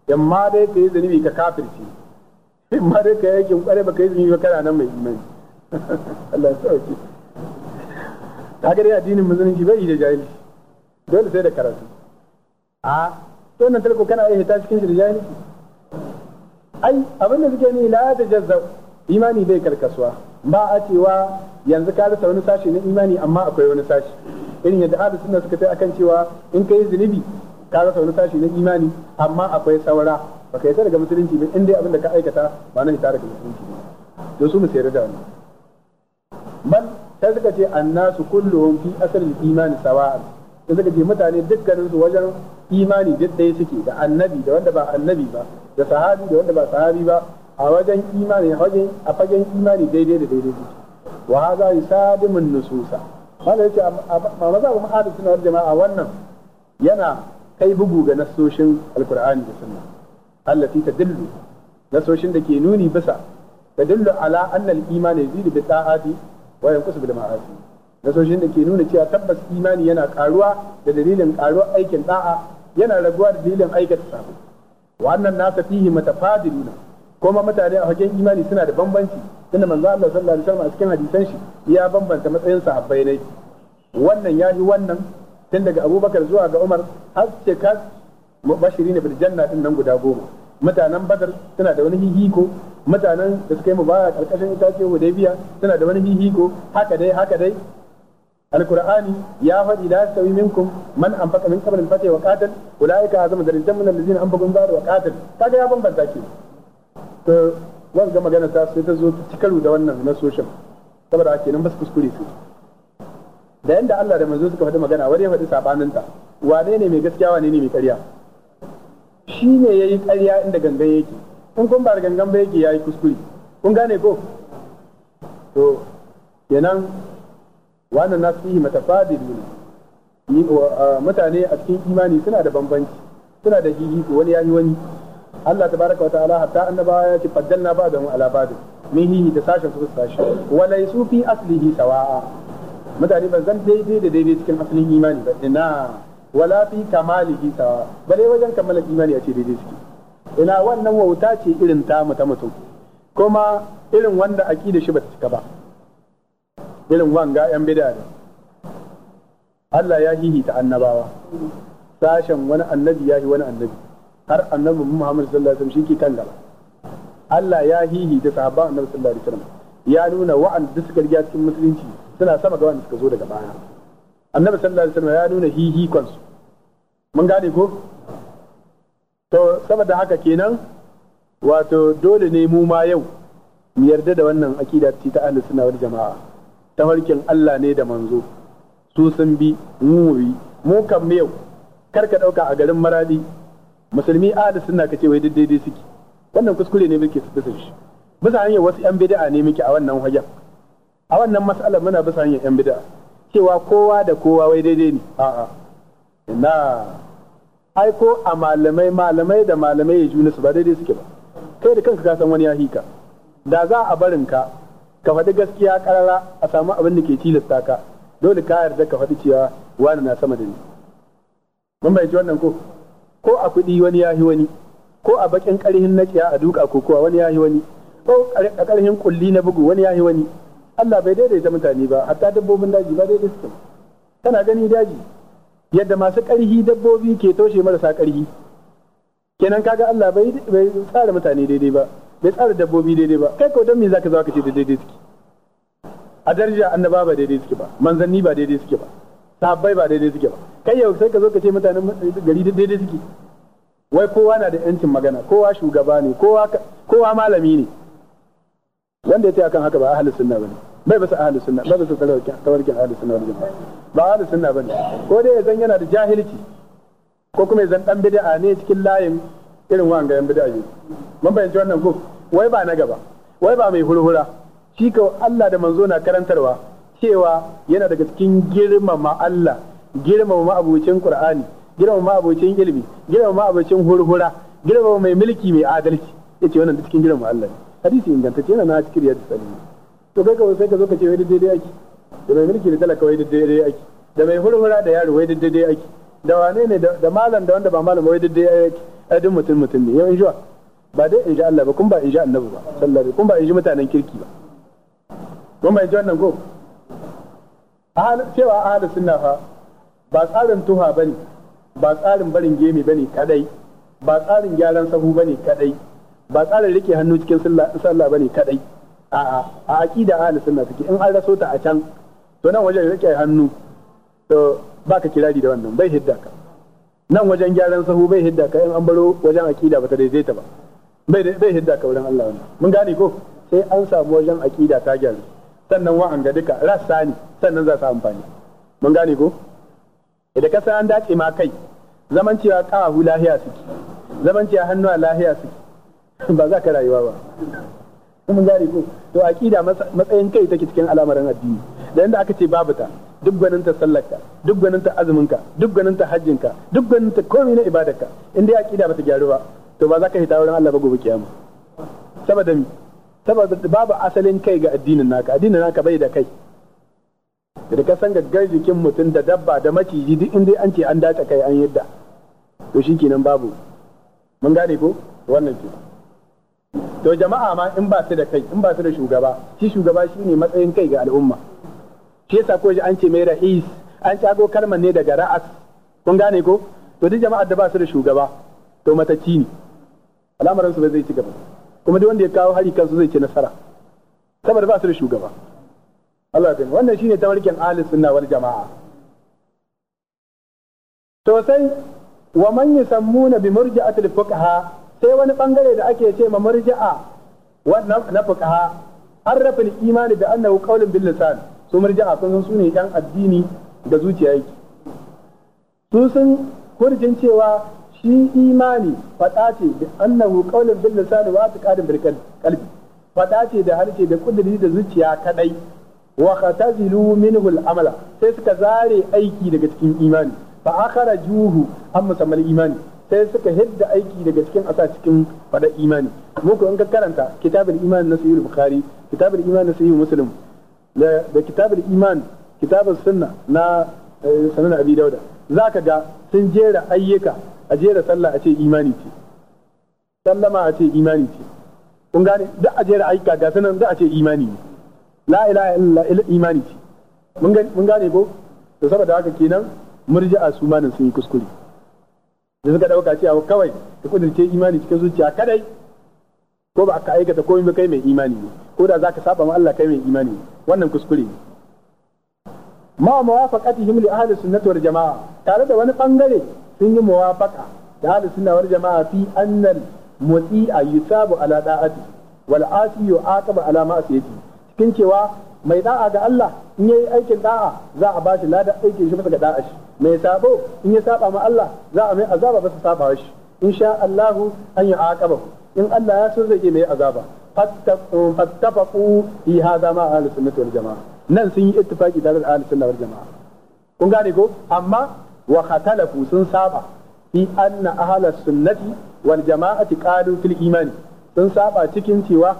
yamma dai ka yi zunubi ka kafirci yamma dai ka yakin kware ba ka yi zunubi ba kana nan mai imani Allah ya sauke ga dai addinin musulunci bai da jahili dole sai da karatu a to nan talko kana iya ta cikin shi da jahili ai abin da suke ni la ta jazza imani bai karkasuwa ba a cewa yanzu ka rasa wani sashi na imani amma akwai wani sashi irin yadda ahlus sunna suka tai akan cewa in kai zunubi ka rasa wani tashi na imani amma akwai saura ba yi sa daga musulunci ba in dai abin da ka aikata ba na hita daga musulunci ba to su musayar da wani. Man ta suka ce annasu kulluhum fi asalin imani sawa'an ta suka ce mutane dukkanin su wajen imani duk ɗaya suke da annabi da wanda ba annabi ba da sahabi da wanda ba sahabi ba a wajen imani a wajen a fagen imani daidai da daidai suke wa haza yusadimun nususa malaka yace a mazhabin hadisi na jama'a wannan yana kai bugu ga nasoshin alkur'ani da sunna allati tadullu nasoshin da ke nuni bisa tadullu ala anna al-iman yazidu bi ta'ati wa yanqusu bil ma'asi nasoshin da ke nuna cewa tabbas imani yana karuwa da dalilin karuwar aikin da'a yana raguwa da dalilin aikata sabo wannan nasa fihi matafadiluna kuma mutane a hakin imani suna da bambanci tunda manzo Allah sallallahu alaihi wasallam a cikin hadisan shi ya bambanta matsayin sahabbai ne wannan yahi wannan tun daga abubakar zuwa ga umar har cikas mubashirin bil janna din nan guda goma mutanen badar suna da wani hihiko mutanen da suka yi mubarak karkashin itace biya suna da wani hihiko haka dai haka dai alqur'ani ya faɗi la yastawi minkum man anfaqa min qabl al-fath wa qatal ulaika azam darajan min allazina anfaqu min ba'd wa qatal kaga ya bambanta ke to wanga magana ta sai ta zo cikar da wannan na social saboda kenan bas kuskure su da yanda Allah da manzo suka faɗi magana wani ya faɗi sabanin ta wane ne mai gaskiya wane ne mai ƙarya shi ne ya yi ƙarya inda gangan yake kun kun ba da gangan ba yake yi kuskure kun gane ko to kenan wannan nasu fihi matafadilun mutane a cikin imani suna da bambanci suna da ko wani yayi wani Allah tabaraka wa ta'ala hatta annabawa ya ce faddalna mu ala ba'd min hihi da sashen su sashi walaysu fi aslihi sawa'a mutane ban zan daidai da daidai cikin asalin imani ba ina wala fi kamalihi sawa bare wajen kammala imani a ce daidai suke ina wannan wauta ce irin ta mutum mutum kuma irin wanda aqida shi bata cika ba irin wanga yan bid'a ne Allah ya hihi ta annabawa sashen wani annabi ya yi wani annabi har annabi Muhammad sallallahu alaihi wasallam shi ke kan gaba Allah ya ta sahabban annabi sallallahu alaihi wasallam ya nuna wa'anda suka riga cikin musulunci suna sama ga wanda suka zo daga baya annabi sallallahu alaihi wasallam ya nuna hihi kansu mun gane ko to saboda haka kenan wato dole ne mu ma yau mu yarda da wannan akida ta ahli sunna wal jama'a ta harkin Allah ne da manzo su sun bi mu bi mu kan yau kar ka dauka a garin maradi musulmi ahli sunna kace wai daidai suke wannan kuskure ne muke su shi bisa hanyar wasu yan bid'a ne muke a wannan hajjar a wannan matsalar muna bisa hanyar yan bid'a cewa kowa da kowa wai daidai ne a'a ina ai a malamai malamai da malamai ya juna su ba daidai suke ba kai da kanka ka san wani ya hika da za a barin ka ka faɗi gaskiya karara a samu abin da ke tilasta ka dole ka yarda ka faɗi cewa wani na sama da ni mun bayyana wannan ko ko a kuɗi wani ya yahi wani ko a bakin ƙarhin na a duka kokowa wani ya yahi wani ko a ƙarhin kulli na bugu wani ya yahi wani Allah bai daidaita mutane ba hatta dabbobin daji ba daidai suke kana gani daji yadda masu ƙarhi dabbobi ke toshe marasa ƙarhi kenan kaga Allah bai bai tsara mutane daidai ba bai tsara dabbobi daidai ba kai ko dan me zaka zo ka ce da daidai suke a daraja annaba ba daidai suke ba manzanni ba daidai suke ba sahabbai ba daidai suke ba kai yau sai ka zo ka ce mutanen gari daidai suke wai kowa na da yancin magana kowa shugaba ne kowa kowa malami ne wanda ya ce akan haka ba ahlus sunna bane bai bisa ahli sunna bai bisa tawarkin ahli sunna wani jama'a ba ahli sunna bane ko dai zan yana da jahilci ko kuma zan dan bid'a ne cikin layin irin wanga yan bid'a mun bayyana wannan ko wai ba na gaba wai ba mai hurhura shi ka Allah da manzo na karantarwa cewa yana daga cikin girmama Allah girmama ma'abucin Qur'ani girmama ma'abucin ilimi girmama ma'abucin hurhura girmama mai mulki mai adalci yace wannan cikin girmama Allah ne hadisi ingantacce yana na cikin yadda sanin to kai kawai sai ka zo ka ce wai daidai ake da mai mulki da talaka wai daidai ake da mai hurhura da yaro wai daidai ake da wane ne da malam da wanda ba malam wai daidai ake duk mutum mutum ne yau injuwa ba dai inji Allah ba kun ba inji annabi ba sallallahu alaihi kun ba inji mutanen kirki ba kun ba inji wannan ko cewa ahlus sunna fa ba tsarin tuha bane ba tsarin barin gemi bane kadai ba tsarin gyaran sahu bane kadai ba tsarin rike hannu cikin sallah bane kadai a'a a aqida ahli sunna take in an raso ta a can to nan wajen rike hannu to baka kirari da wannan bai hidda ka nan wajen gyaran sahu bai hidda ka in an baro wajen aqida bata daidaita ba bai bai hidda ka wurin Allah wannan mun gane ko sai an samu wajen aqida ta gyaru sannan wa'an ga duka rassa ne sannan za su amfani mun gane ko idan ka san an dace ma kai zaman cewa ƙahu lahiya suke zaman cewa hannuwa lahiya suke ba za ka rayuwa ba mun gane ko to aqida matsayin kai take cikin al'amarin addini da yanda aka ce babu ta duk ta sallarka duk azumin ka duk hajjin hajjinka duk ta komai na ibadarka in dai aqida bata gyaru ba to ba za ka hita wurin Allah ba gobe kiyama saboda mi saboda babu asalin kai ga addinin naka addinin naka bai da kai da ka san gaggar jikin mutum da dabba da maciji duk inda an ce an dace kai an yadda to shikenan babu mun gane ko wannan ce to jama'a ma in ba su da kai in ba su da shugaba shi shugaba ne matsayin kai ga al'umma shi yasa ko an ce mai ra'is an ago kalmar ne daga ra'as kun gane ko to duk jama'ar da ba su da shugaba to matacci ne al'amarin su ba zai ci gaba kuma duk wanda ya kawo hari kansu zai ci nasara saboda ba su da shugaba Allah ya wannan shine tawarkin ahli sunna wal jama'a to sai wa man yusammuna bi al fuqaha sai wani bangare da ake ce ma marji'a wannan na fuqaha arrafin imani da annahu qaulun bil lisan su marji'a sun san sune yan addini da zuciya yake su sun kurjin cewa shi imani fada ce da annahu qaulun bil lisan wa taqadin bil qalbi fada ce da harshe da kudiri da zuciya kadai wa khatazilu minhu al amala sai suka zare aiki daga cikin imani fa akhrajuhu amma samal imani sai suka hidda aiki daga cikin asa cikin fada imani muku in ka karanta kitabul iman na sahih bukhari kitabul iman na sahih muslim da kitabul iman kitabul sunna na eh, sanan abi dauda zaka ga sun jera ayyuka a jera sallah a ce imani ce sallama a ce imani ce kun gane duk a jera ayyuka ga sanan duk a ce imani ne la ilaha illa imani ce mun gane ko to saboda haka kenan murji'a su ma sun yi kuskure da suka dauka cewa kawai ka kudirce imani cikin zuciya kadai ko ba ka aikata komai ba kai mai imani ne ko da zaka saba ma Allah kai mai imani wannan kuskure ne ma muwafaqatihim li ahli sunnati wal jamaa tare da wani bangare sun yi muwafaqa da ahli sunna wal jamaa fi annal a yusabu ala da'ati wal asi yu'aqabu ala ma'siyati cikin cewa mai da'a ga Allah in yayi aikin da'a za a bashi lada aikin shi bisa ga da'a shi mai sabo in ya saba ma Allah za a mai azaba bisa saba shi insha Allah an yi aqaba in Allah ya so zai mai azaba fattaqu fattaqu fi hadha ma ahli sunnati wal jamaa nan sun yi ittifaki tare da ahli sunna wal jamaa kun gane ko amma wa khatalafu sun saba fi anna ahli sunnati wal jama'ati qalu fil imani sun saba cikin cewa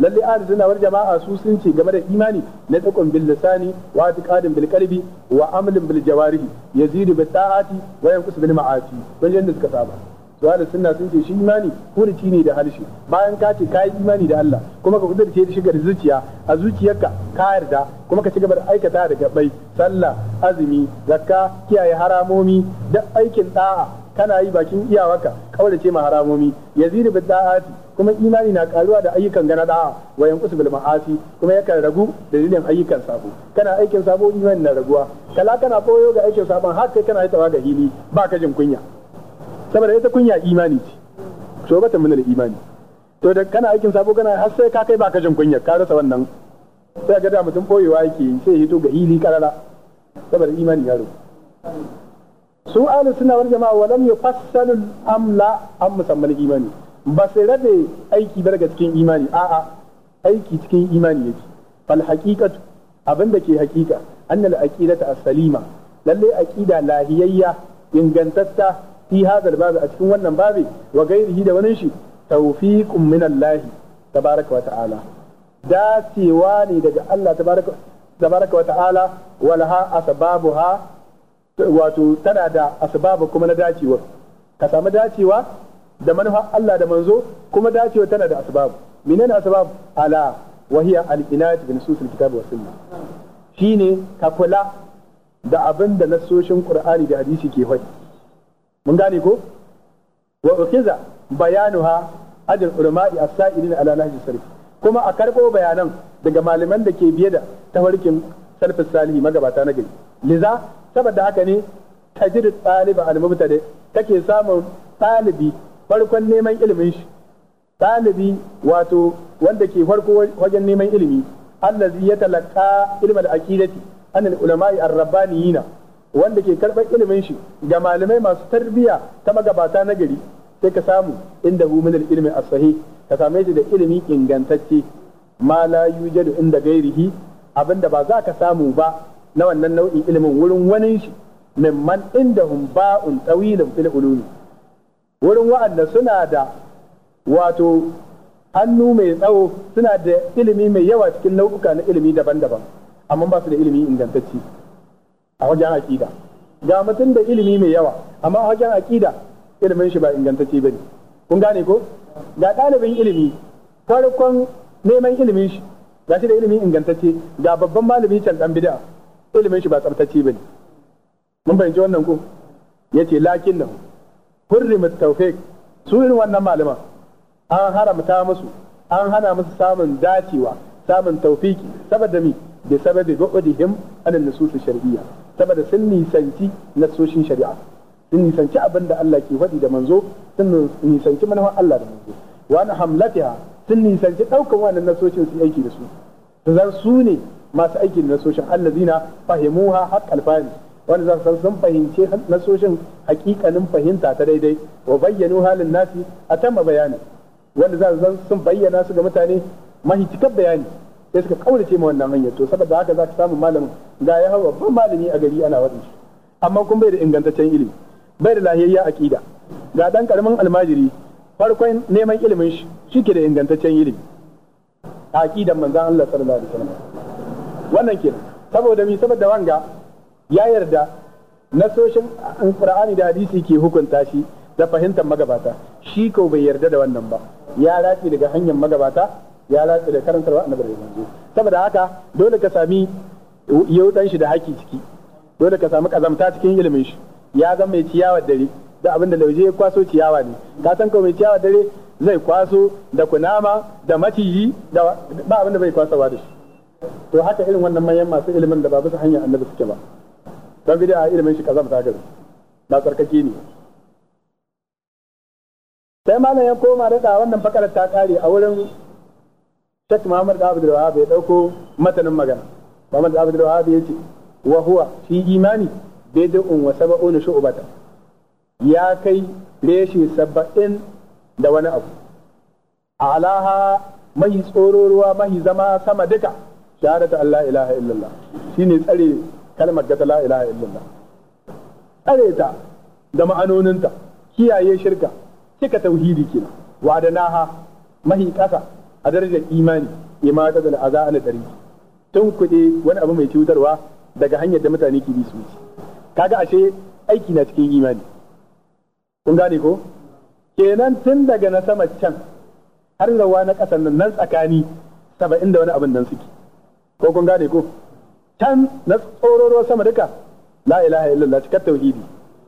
lalle ahli sunna wal jama'a su sun ce game da imani na tsakon bil lisani wa atiqadin bil qalbi wa amalin bil jawarihi yazidu bi ta'ati wa yanqus bil ma'asi dan yanda suka saba to ahli sunna sun ce shi imani furuci ne da harshe bayan ka ce kai imani da Allah kuma ka kudurce shi ga zuciya a zuciyarka ka yarda kuma ka ci gaba da aikata da gabai sallah azumi zakka kiyaye haramomi duk aikin da'a kana yi bakin iyawarka kaurace ma haramomi yazidu bi ta'ati kuma imani na karuwa da ayyukan gana da'a wa yanqusu bil ma'asi kuma yakan ragu da dalilin ayyukan sabo kana aikin sabo imani na raguwa kala kana koyo ga aikin sabon haka kana kana tawa ga hili ba ka jin kunya saboda ita kunya imani ce so bata mun da imani to da kana aikin sabo kana har sai ka kai ba ka jin kunya ka rasa wannan sai ga da mutum boyewa yake sai hito ga hili karara saboda imani ya ragu su ahlus sunna wal jama'a wa lam yufassalu al-amla am musammal imani ba sai rabe aiki ba daga cikin imani a'a aiki cikin imani yake fal haqiqatu abin da ke haqiqa annal aqidata as-salima lalle aqida lahiyayya ingantatta fi hadal babu a cikin wannan babi wa gairihi da wani shi tawfiqun min Allah tabaraka wa ta'ala dacewa ne daga Allah tabaraka wa ta'ala walaha asbabuha wato tana da asbabu kuma na dacewa ka samu dacewa da manufa Allah da manzo kuma dacewa tana da asbab menene asbab ala wahiya al-inayat bi nusus al wa sunnah shine ka kula da abin da nasoshin Qur'ani da hadisi ke hoyi mun gane ko wa ukiza bayanuha adal ulama'i as-sa'ilin ala nahji sarfi kuma a karbo bayanan daga malaman da ke biye da tafarkin Salfin salihi magabata na gari liza saboda haka ne tajid taliba al-mubtada take samun talibi farkon neman ilimin shi ɗalibi wato wanda ke farko wajen neman ilimi allazi ya talaka ilmal aqidati an ulama'i ar-rabbaniyina wanda ke karɓar ilimin shi ga malamai masu tarbiya ta magabata na gari sai ka samu inda hu min al-ilmi as ka same shi da ilimi ingantacce ma la yujadu inda gairihi abinda ba za ka samu ba na wannan nau'in ilimin wurin wani shi mimman indahum ba'un tawilun fil ulumi wurin wa'anda suna da wato hannu mai tsawo suna da ilimi mai yawa cikin nau'uka na ilimi daban-daban amma ba su da ilimi ingantacce a wajen aƙida ga mutum da ilimi mai yawa amma a wajen aƙida ilimin shi ba ingantacce ne. kun gane ko ga ɗalibin ilimi farkon neman ilimin shi ga shi da ilimin ingantacce ga babban malami can ɗan bid'a ilimin shi ba tsabtacce ne. mun fahimci wannan ko yace lakin nan. hurrimat tawfiq su irin wannan malaman an haramta musu an hana musu samun dacewa samun tawfiki saboda mi da sababi bu'dihim an nusus shar'iyya saboda sun nisanci nasoshin shari'a sun nisanci abin da Allah ke faɗi da manzo sun nisanci manufar Allah da manzo wa na hamlatiha sun nisanci ɗaukan wannan nasoshin su aiki da su zan su ne masu aiki da nasoshin allazina fahimuha haqqal fahimi Wani za san sun fahimce nasoshin hakikanin fahimta ta daidai wa bayyanu halin nasi a tamma bayani wanda za san sun bayyana su ga mutane mahitikar bayani sai suka kaurace ma wannan hanyar to saboda haka za ka samu malamin ga ya hawa babban malami a gari ana waɗin shi amma kun bai da ingantaccen ilimi bai da lahiyayya aqida ga dan karamin almajiri farkon neman ilimin shi shike da ingantaccen ilimi aqidan manzon Allah sallallahu alaihi wasallam wannan kenan saboda mi saboda wanga ya yarda nasoshin qur'ani da hadisi ke hukunta shi da fahimtar magabata shi ko bai yarda da wannan ba ya ratse daga hanyar magabata ya ratse da karantarwa annabi da manzo saboda haka dole ka sami yaudan shi da haki ciki dole ka sami kazamta cikin ilimin shi ya zama mai ciyawa dare da abin da lauje kwaso ciyawa ne ka san ko mai ciyawa dare zai kwaso da kunama da maciji da ba abin da bai ba da shi to haka irin wannan manyan masu ilimin da ba bisa hanyar annabi suke ba dan da ilimin shi kazan gari na tsarkake ne sai malam ya koma da wannan fakarar ta kare a wurin Sheikh Muhammad Abdul Wahab ya ɗauko matanin magana Muhammad Abdul Wahab ya ce wa huwa fi imani bid'un wa sab'una shu'batan ya kai reshe saba'in da wani abu alaha mai tsororuwa mai zama sama duka shahadatu Allah ilaha illallah shine tsare kalmar da ta la ilaha illallah tsare ta da ma'anoninta kiyaye shirka cika tauhidi kina wa da naha mahi kasa a darajar imani ta da aza dari tun kuɗe wani abu mai cutarwa daga hanyar da mutane ke bi su wuce kaga ashe aiki na cikin imani kun gane ko kenan tun daga na sama can har rawa na ƙasar nan tsakani saba'in da wani abin nan suke ko kun gane ko tan na tsororo sama duka la ilaha illallah cikar tauhidi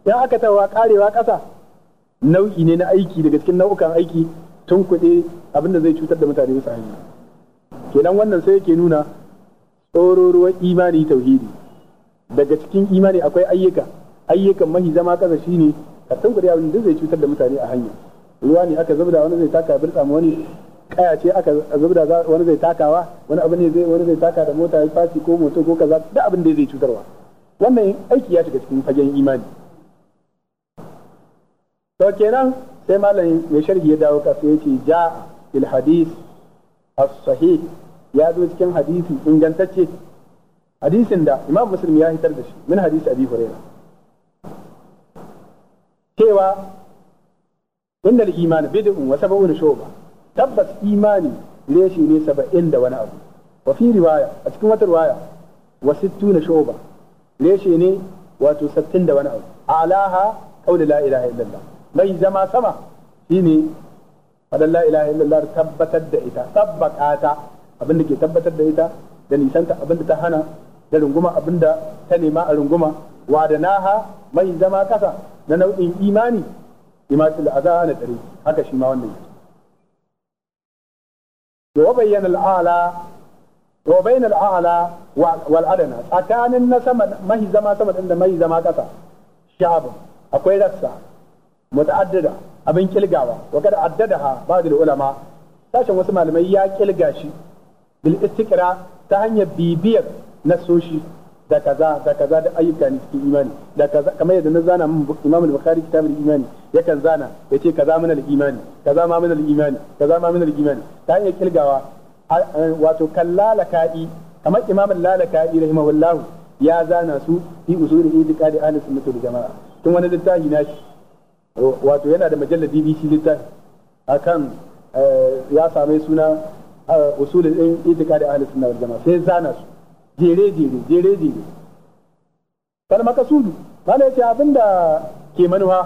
in aka tawa karewa ƙasa nau'i ne na aiki daga cikin nau'ukan aiki tun kuɗe abin zai cutar da mutane bisa hanyar kenan wannan sai yake nuna tsororuwar imani tauhidi daga cikin imani akwai ayyuka ayyukan mahi zama ƙasa ne ka tun kuɗe abin zai cutar da mutane a hanya ruwa ne aka da wani zai taka birtsa wani kaya ce aka zubda wani zai takawa wani abu ne zai wani zai taka da mota ya fashi ko moto ko kaza da abin da zai cutarwa wannan aiki ya shiga cikin fagen imani to kenan sai malami mai sharhi ya dawo kasa ya ce ja il hadis as-sahih ya zo cikin hadisi ingantacce hadisin da imam muslim ya hitar da shi min hadisi abi huraira cewa innal iman bid'un wa sab'un shu'bah tabbas imani reshi ne saba'in da wani abu wa fi riwaya a cikin wata riwaya wa sittuna shoba reshe ne wato sattin da wani abu alaha qawli la ilaha illallah mai zama sama shine fadan la ilaha illallah tabbatar da ita tabbata ta abin da ke tabbatar da ita da nisanta abin da ta hana da runguma abin da ta nema a runguma wa da naha mai zama kasa na nau'in imani imatul azana tare haka shi ma wannan وبين الأعلى وبين الأعلى والأدنى أكان النسمة ما هي زما سمة إن ما هي زما كتا شعب أكوي رسا متعددة أبين كلقاوة وقد عددها بعض العلماء تاشن وسمع لما يا كلقاشي بالاستقراء تهني بيبير نسوشي da kaza da kaza da ayyuka ne cikin imani da kaza kamar yadda na zana min Imam Bukhari kitabul imani yakan zana yace kaza min al-imani kaza ma min al-imani kaza ma min al-imani ta iya kilgawa wato kallalaka'i kamar Imam Lalaka'i rahimahullahu ya zana su fi usuli itiqadi ahli sunnah wal jamaa tun wani littafi nashi wato yana da majallar BBC littafi akan eh, ya same suna eh, usulul itiqadi ahli sunnah wal jamaa sai zana su jere jere jere jere kal makasudu mana yace da ke manuwa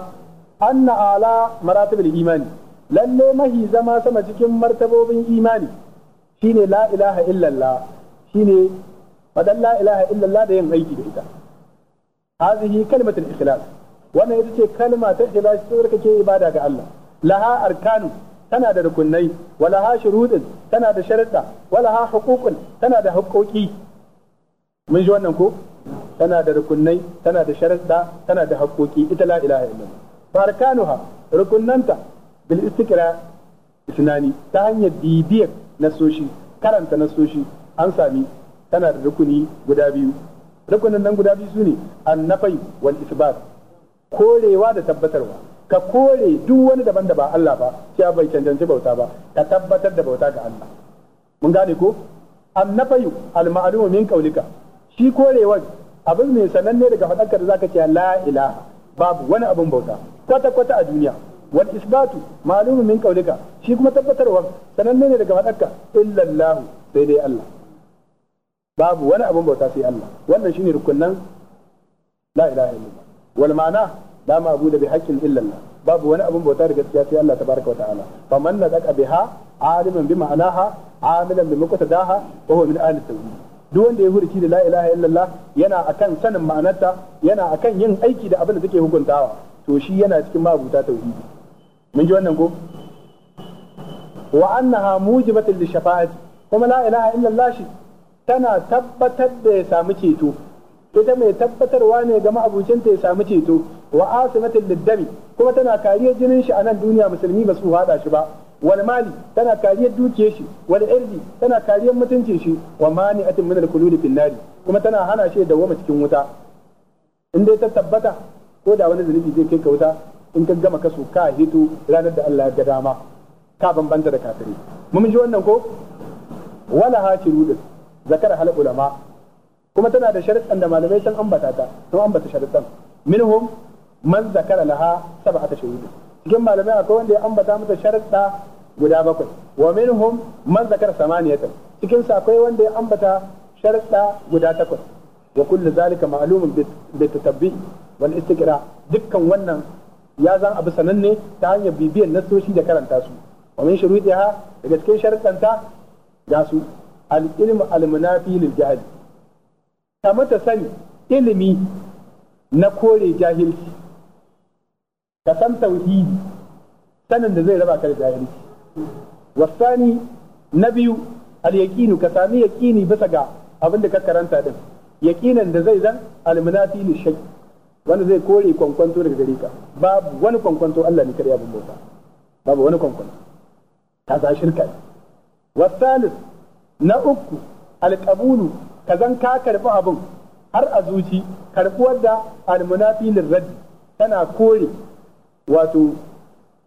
anna ala maratibul imani lalle mahi zama sama cikin martabobin imani shine la ilaha illallah shine la ilaha illallah da yin aiki da ita hazihi kalimatul ikhlas wannan ita ce kalma ta ikhlas ta ke ibada ga Allah laha arkanu tana da rukunai walaha shurudin tana da sharuɗa walaha huququn tana da haƙoƙi mun ji wannan ko tana da rukunai tana da sharadda tana da haƙoƙi ita la ilaha illallah farkanuha rukunnanta bil istiqra isnani ta hanyar bibiyar nasoshi karanta nasoshi an sami tana da rukuni guda biyu rukunin nan guda biyu sune annafai wal isbat korewa da tabbatarwa ka kore duk wani daban da ba Allah ba cewa bai cancanci bauta ba ka tabbatar da bauta ga Allah mun gane ko annafayu al ma'lumu min qaulika shi korewar abin mai sananne daga faɗakar zaka ce la ilaha babu wani abin bauta kwata kwata a duniya wal isbatu ma'lumun min qaulika shi kuma tabbatarwa sananne ne daga faɗakka illa Allah sai dai Allah babu wani abin bauta sai Allah wannan shine rukunnan la ilaha illallah wal ma'ana la ma'budu bi haqqin illa Allah babu wani abin bauta da gaskiya sai Allah wa ta'ala, fa faman nadaka biha aliman bi ma'anaha amilan bi muqtadaha wa huwa min ahli tawhid duk wanda ya furuci da la ilaha illallah yana akan sanin ma'anarta yana akan yin aiki da abin da take hukuntawa to shi yana cikin mabuta tauhidi mun ji wannan ko wa annaha mujibatul shafa'ati kuma la illallah shi tana tabbatar da ya samu ceto ita mai tabbatarwa ne ga ma'abucinta ya samu ceto wa asimatul liddami kuma tana kariyar jinin shi a nan duniya musulmi ba su hada shi ba wal mali tana kariyar dukiyar shi wal irdi tana kariyar mutuncin shi wa mani'atin min al-khulud kuma tana hana shi da wama cikin wuta in dai ta tabbata ko da wani zunubi zai kai ka wuta in ka gama kaso ka hito ranar da Allah ya dama ka bambanta da kafiri mun ji wannan ko wala hashiru zakar hal ulama kuma tana da sharuɗan da malamai sun ambata ta sun ambata sharuɗan minhum man zakara laha sab'ata shuhud cikin malamai akwai wanda ya ambata mata sharuɗa guda bakwai wa minhum man zakar samaniyatan cikin sa akwai wanda ya ambata sharuɗa guda takwas wa kullu zalika ma'lumun bi tatabbi wal istiqra dukkan wannan ya zan abu sananne ta hanyar bibiyar nasoshi da karanta su wa min shurutiha daga cikin sharuɗanta ga su al ilmu al munafi lil jahil sani ilimi na kore jahilci ka san tauhidi sanin da zai raba ka da jahilci wasani na biyu al yaqinu ka sami yaqini bisa ga abin da ka karanta din yaqinan da zai zan al munafi li shakk wanda zai kore kwankwanto daga gare ka babu wani kwankwanto Allah ne kariya bin bauta babu wani kwankwanto ta za shirka wasalis na uku alqabulu ka zan ka karbi abin har a zuci karbuwar da almunafi lirraddi tana kore wato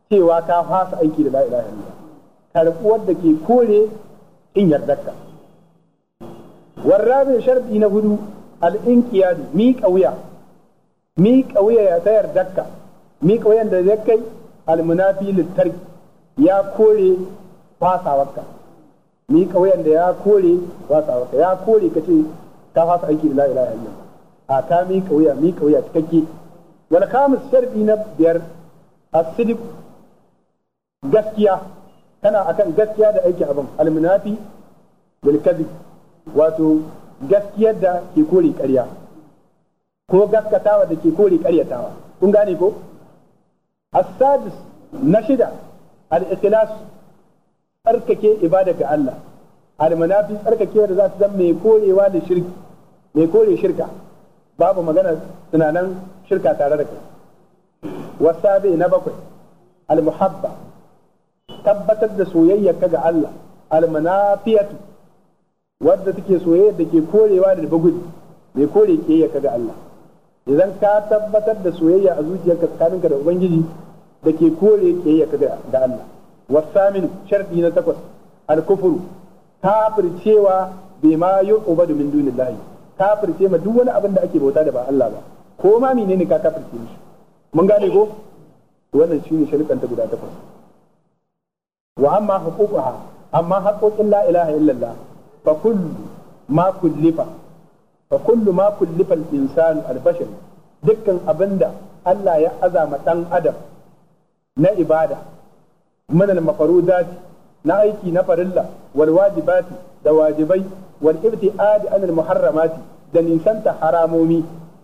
cewa ka fasa aiki da la ilaha illallah karbuwar da ke kore in yardarka warrabe sharbi na hudu al'inkiya inqiyadu mi kauya mi kauya ya ta yardarka mi kauyan da ya kai al-munafi ya kore fasawarka mi kauyan da ya kore fasawarka ya kore ka ce ka fasa aiki da la ilaha illallah a ka mi kauya mi kauya cikakke Wani khamis sharbi na biyar asidik gaskiya tana akan gaskiya da aiki abin almunafi bil kadhib wato gaskiyar da ke kore ƙarya ko gaskatawa da ke kore ƙaryatawa kun gane ko as-sadis na shida al-ikhlas tsarkake ibada ga Allah al-munafi tsarkakewa da za su zama mai korewa da shirki mai kore shirka babu magana tunanan shirka tare da kai wasabi na bakwai almuhabba tabbatar da soyayya ka ga Allah almanafiyatu wadda take soyayya da ke korewa da bugudi mai kore ke ka ga Allah idan ka tabbatar da soyayya a zuciyarka tsakaninka da ubangiji da ke kore ke ka ga Allah wasamin sharɗi na takwas alkufuru kafircewa bai ma yu'badu min dunillahi kafirce ma duk wani abin da ake bauta da ba Allah ba ko ma menene ka kafirce shi mun gane ko wannan shine sharuɗan ta guda takwas wa amma huququha amma haqqoqin la ilaha illallah fa kullu ma kullifa fa kullu ma kullifa al-insan al-bashar dukkan abinda Allah ya azama dan adam na ibada min al-mafrudati na aiki na farilla wal wajibati da wajibai wal ibtiadi an al-muharramati da nisanta haramomi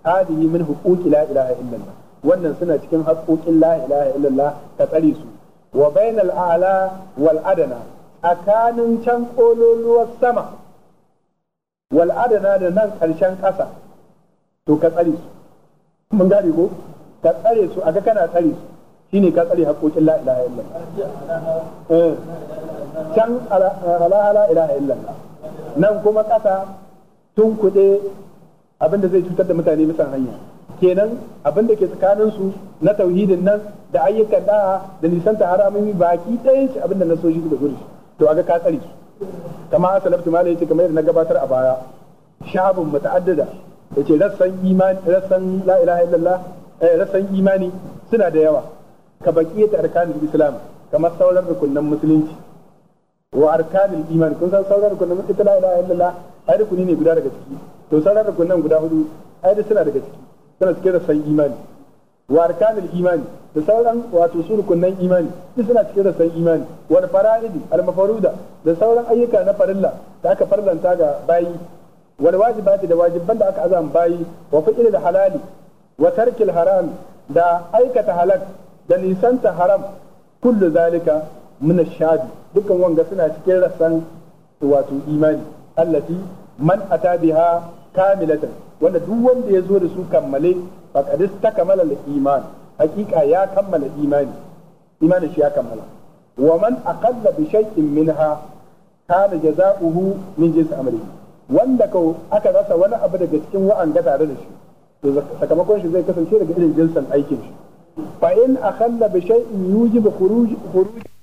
hadihi min huquqi la ilaha illallah wannan suna cikin haƙoƙin la ilaha illallah ta tsare su wa bainal a'la wal adana tsakanin can kololuwar sama wal adana da nan ƙarshen ƙasa to ka tsare su mun gane ko ka tsare su aga kana tsare su shine ka tsare haƙoƙin la ilaha illallah eh. can ala la ilaha illallah nan kuma ƙasa tun kuɗe abinda zai cutar da mutane bisan hanya kenan abin da ke tsakanin su na tauhidin nan da ayyukan da da ta haramumi baki ɗaya shi abin da na nasoshi da zuri to aga ka tsare su kama asalaftu malai yace kamar yadda na gabatar a baya shabun muta'addida yace rassan imani rassan la ilaha illallah eh rassan imani suna da yawa ka baki ta arkanin islam kamar sauran rukunin musulunci wa arkanin imani kun san sauran rukunin musulunci la ilaha illallah ai rukuni ne guda daga ciki to sauran rukunin guda hudu ai suna daga ciki suna cike da san imani wa arkanul imani da sauran wato su rukunan imani duk suna cike da san imani wani fara'idi al mafaruda da sauran ayyuka na farilla da aka farlanta ga bayi wal wajibati da wajiban da aka azam bayi wa fi'il halali wa tarkil haram da aikata halal da nisanta haram kullu zalika min ash-shabi dukkan wanga suna cikin rassan wato imani allati man ata biha kamilatan wanda duk wanda ya zo da su kammale ta kammala da iman hakika ya kammala imani imanin shi ya kammala wa man aqalla bi shay'in minha kana jazaohu min jinsi amri wanda ko aka rasa wani abu daga cikin wa'anga tare da shi to sakamakon shi zai kasance daga irin jinsin aikin shi fa in aqalla bi shay'in yujibu khuruj khuruj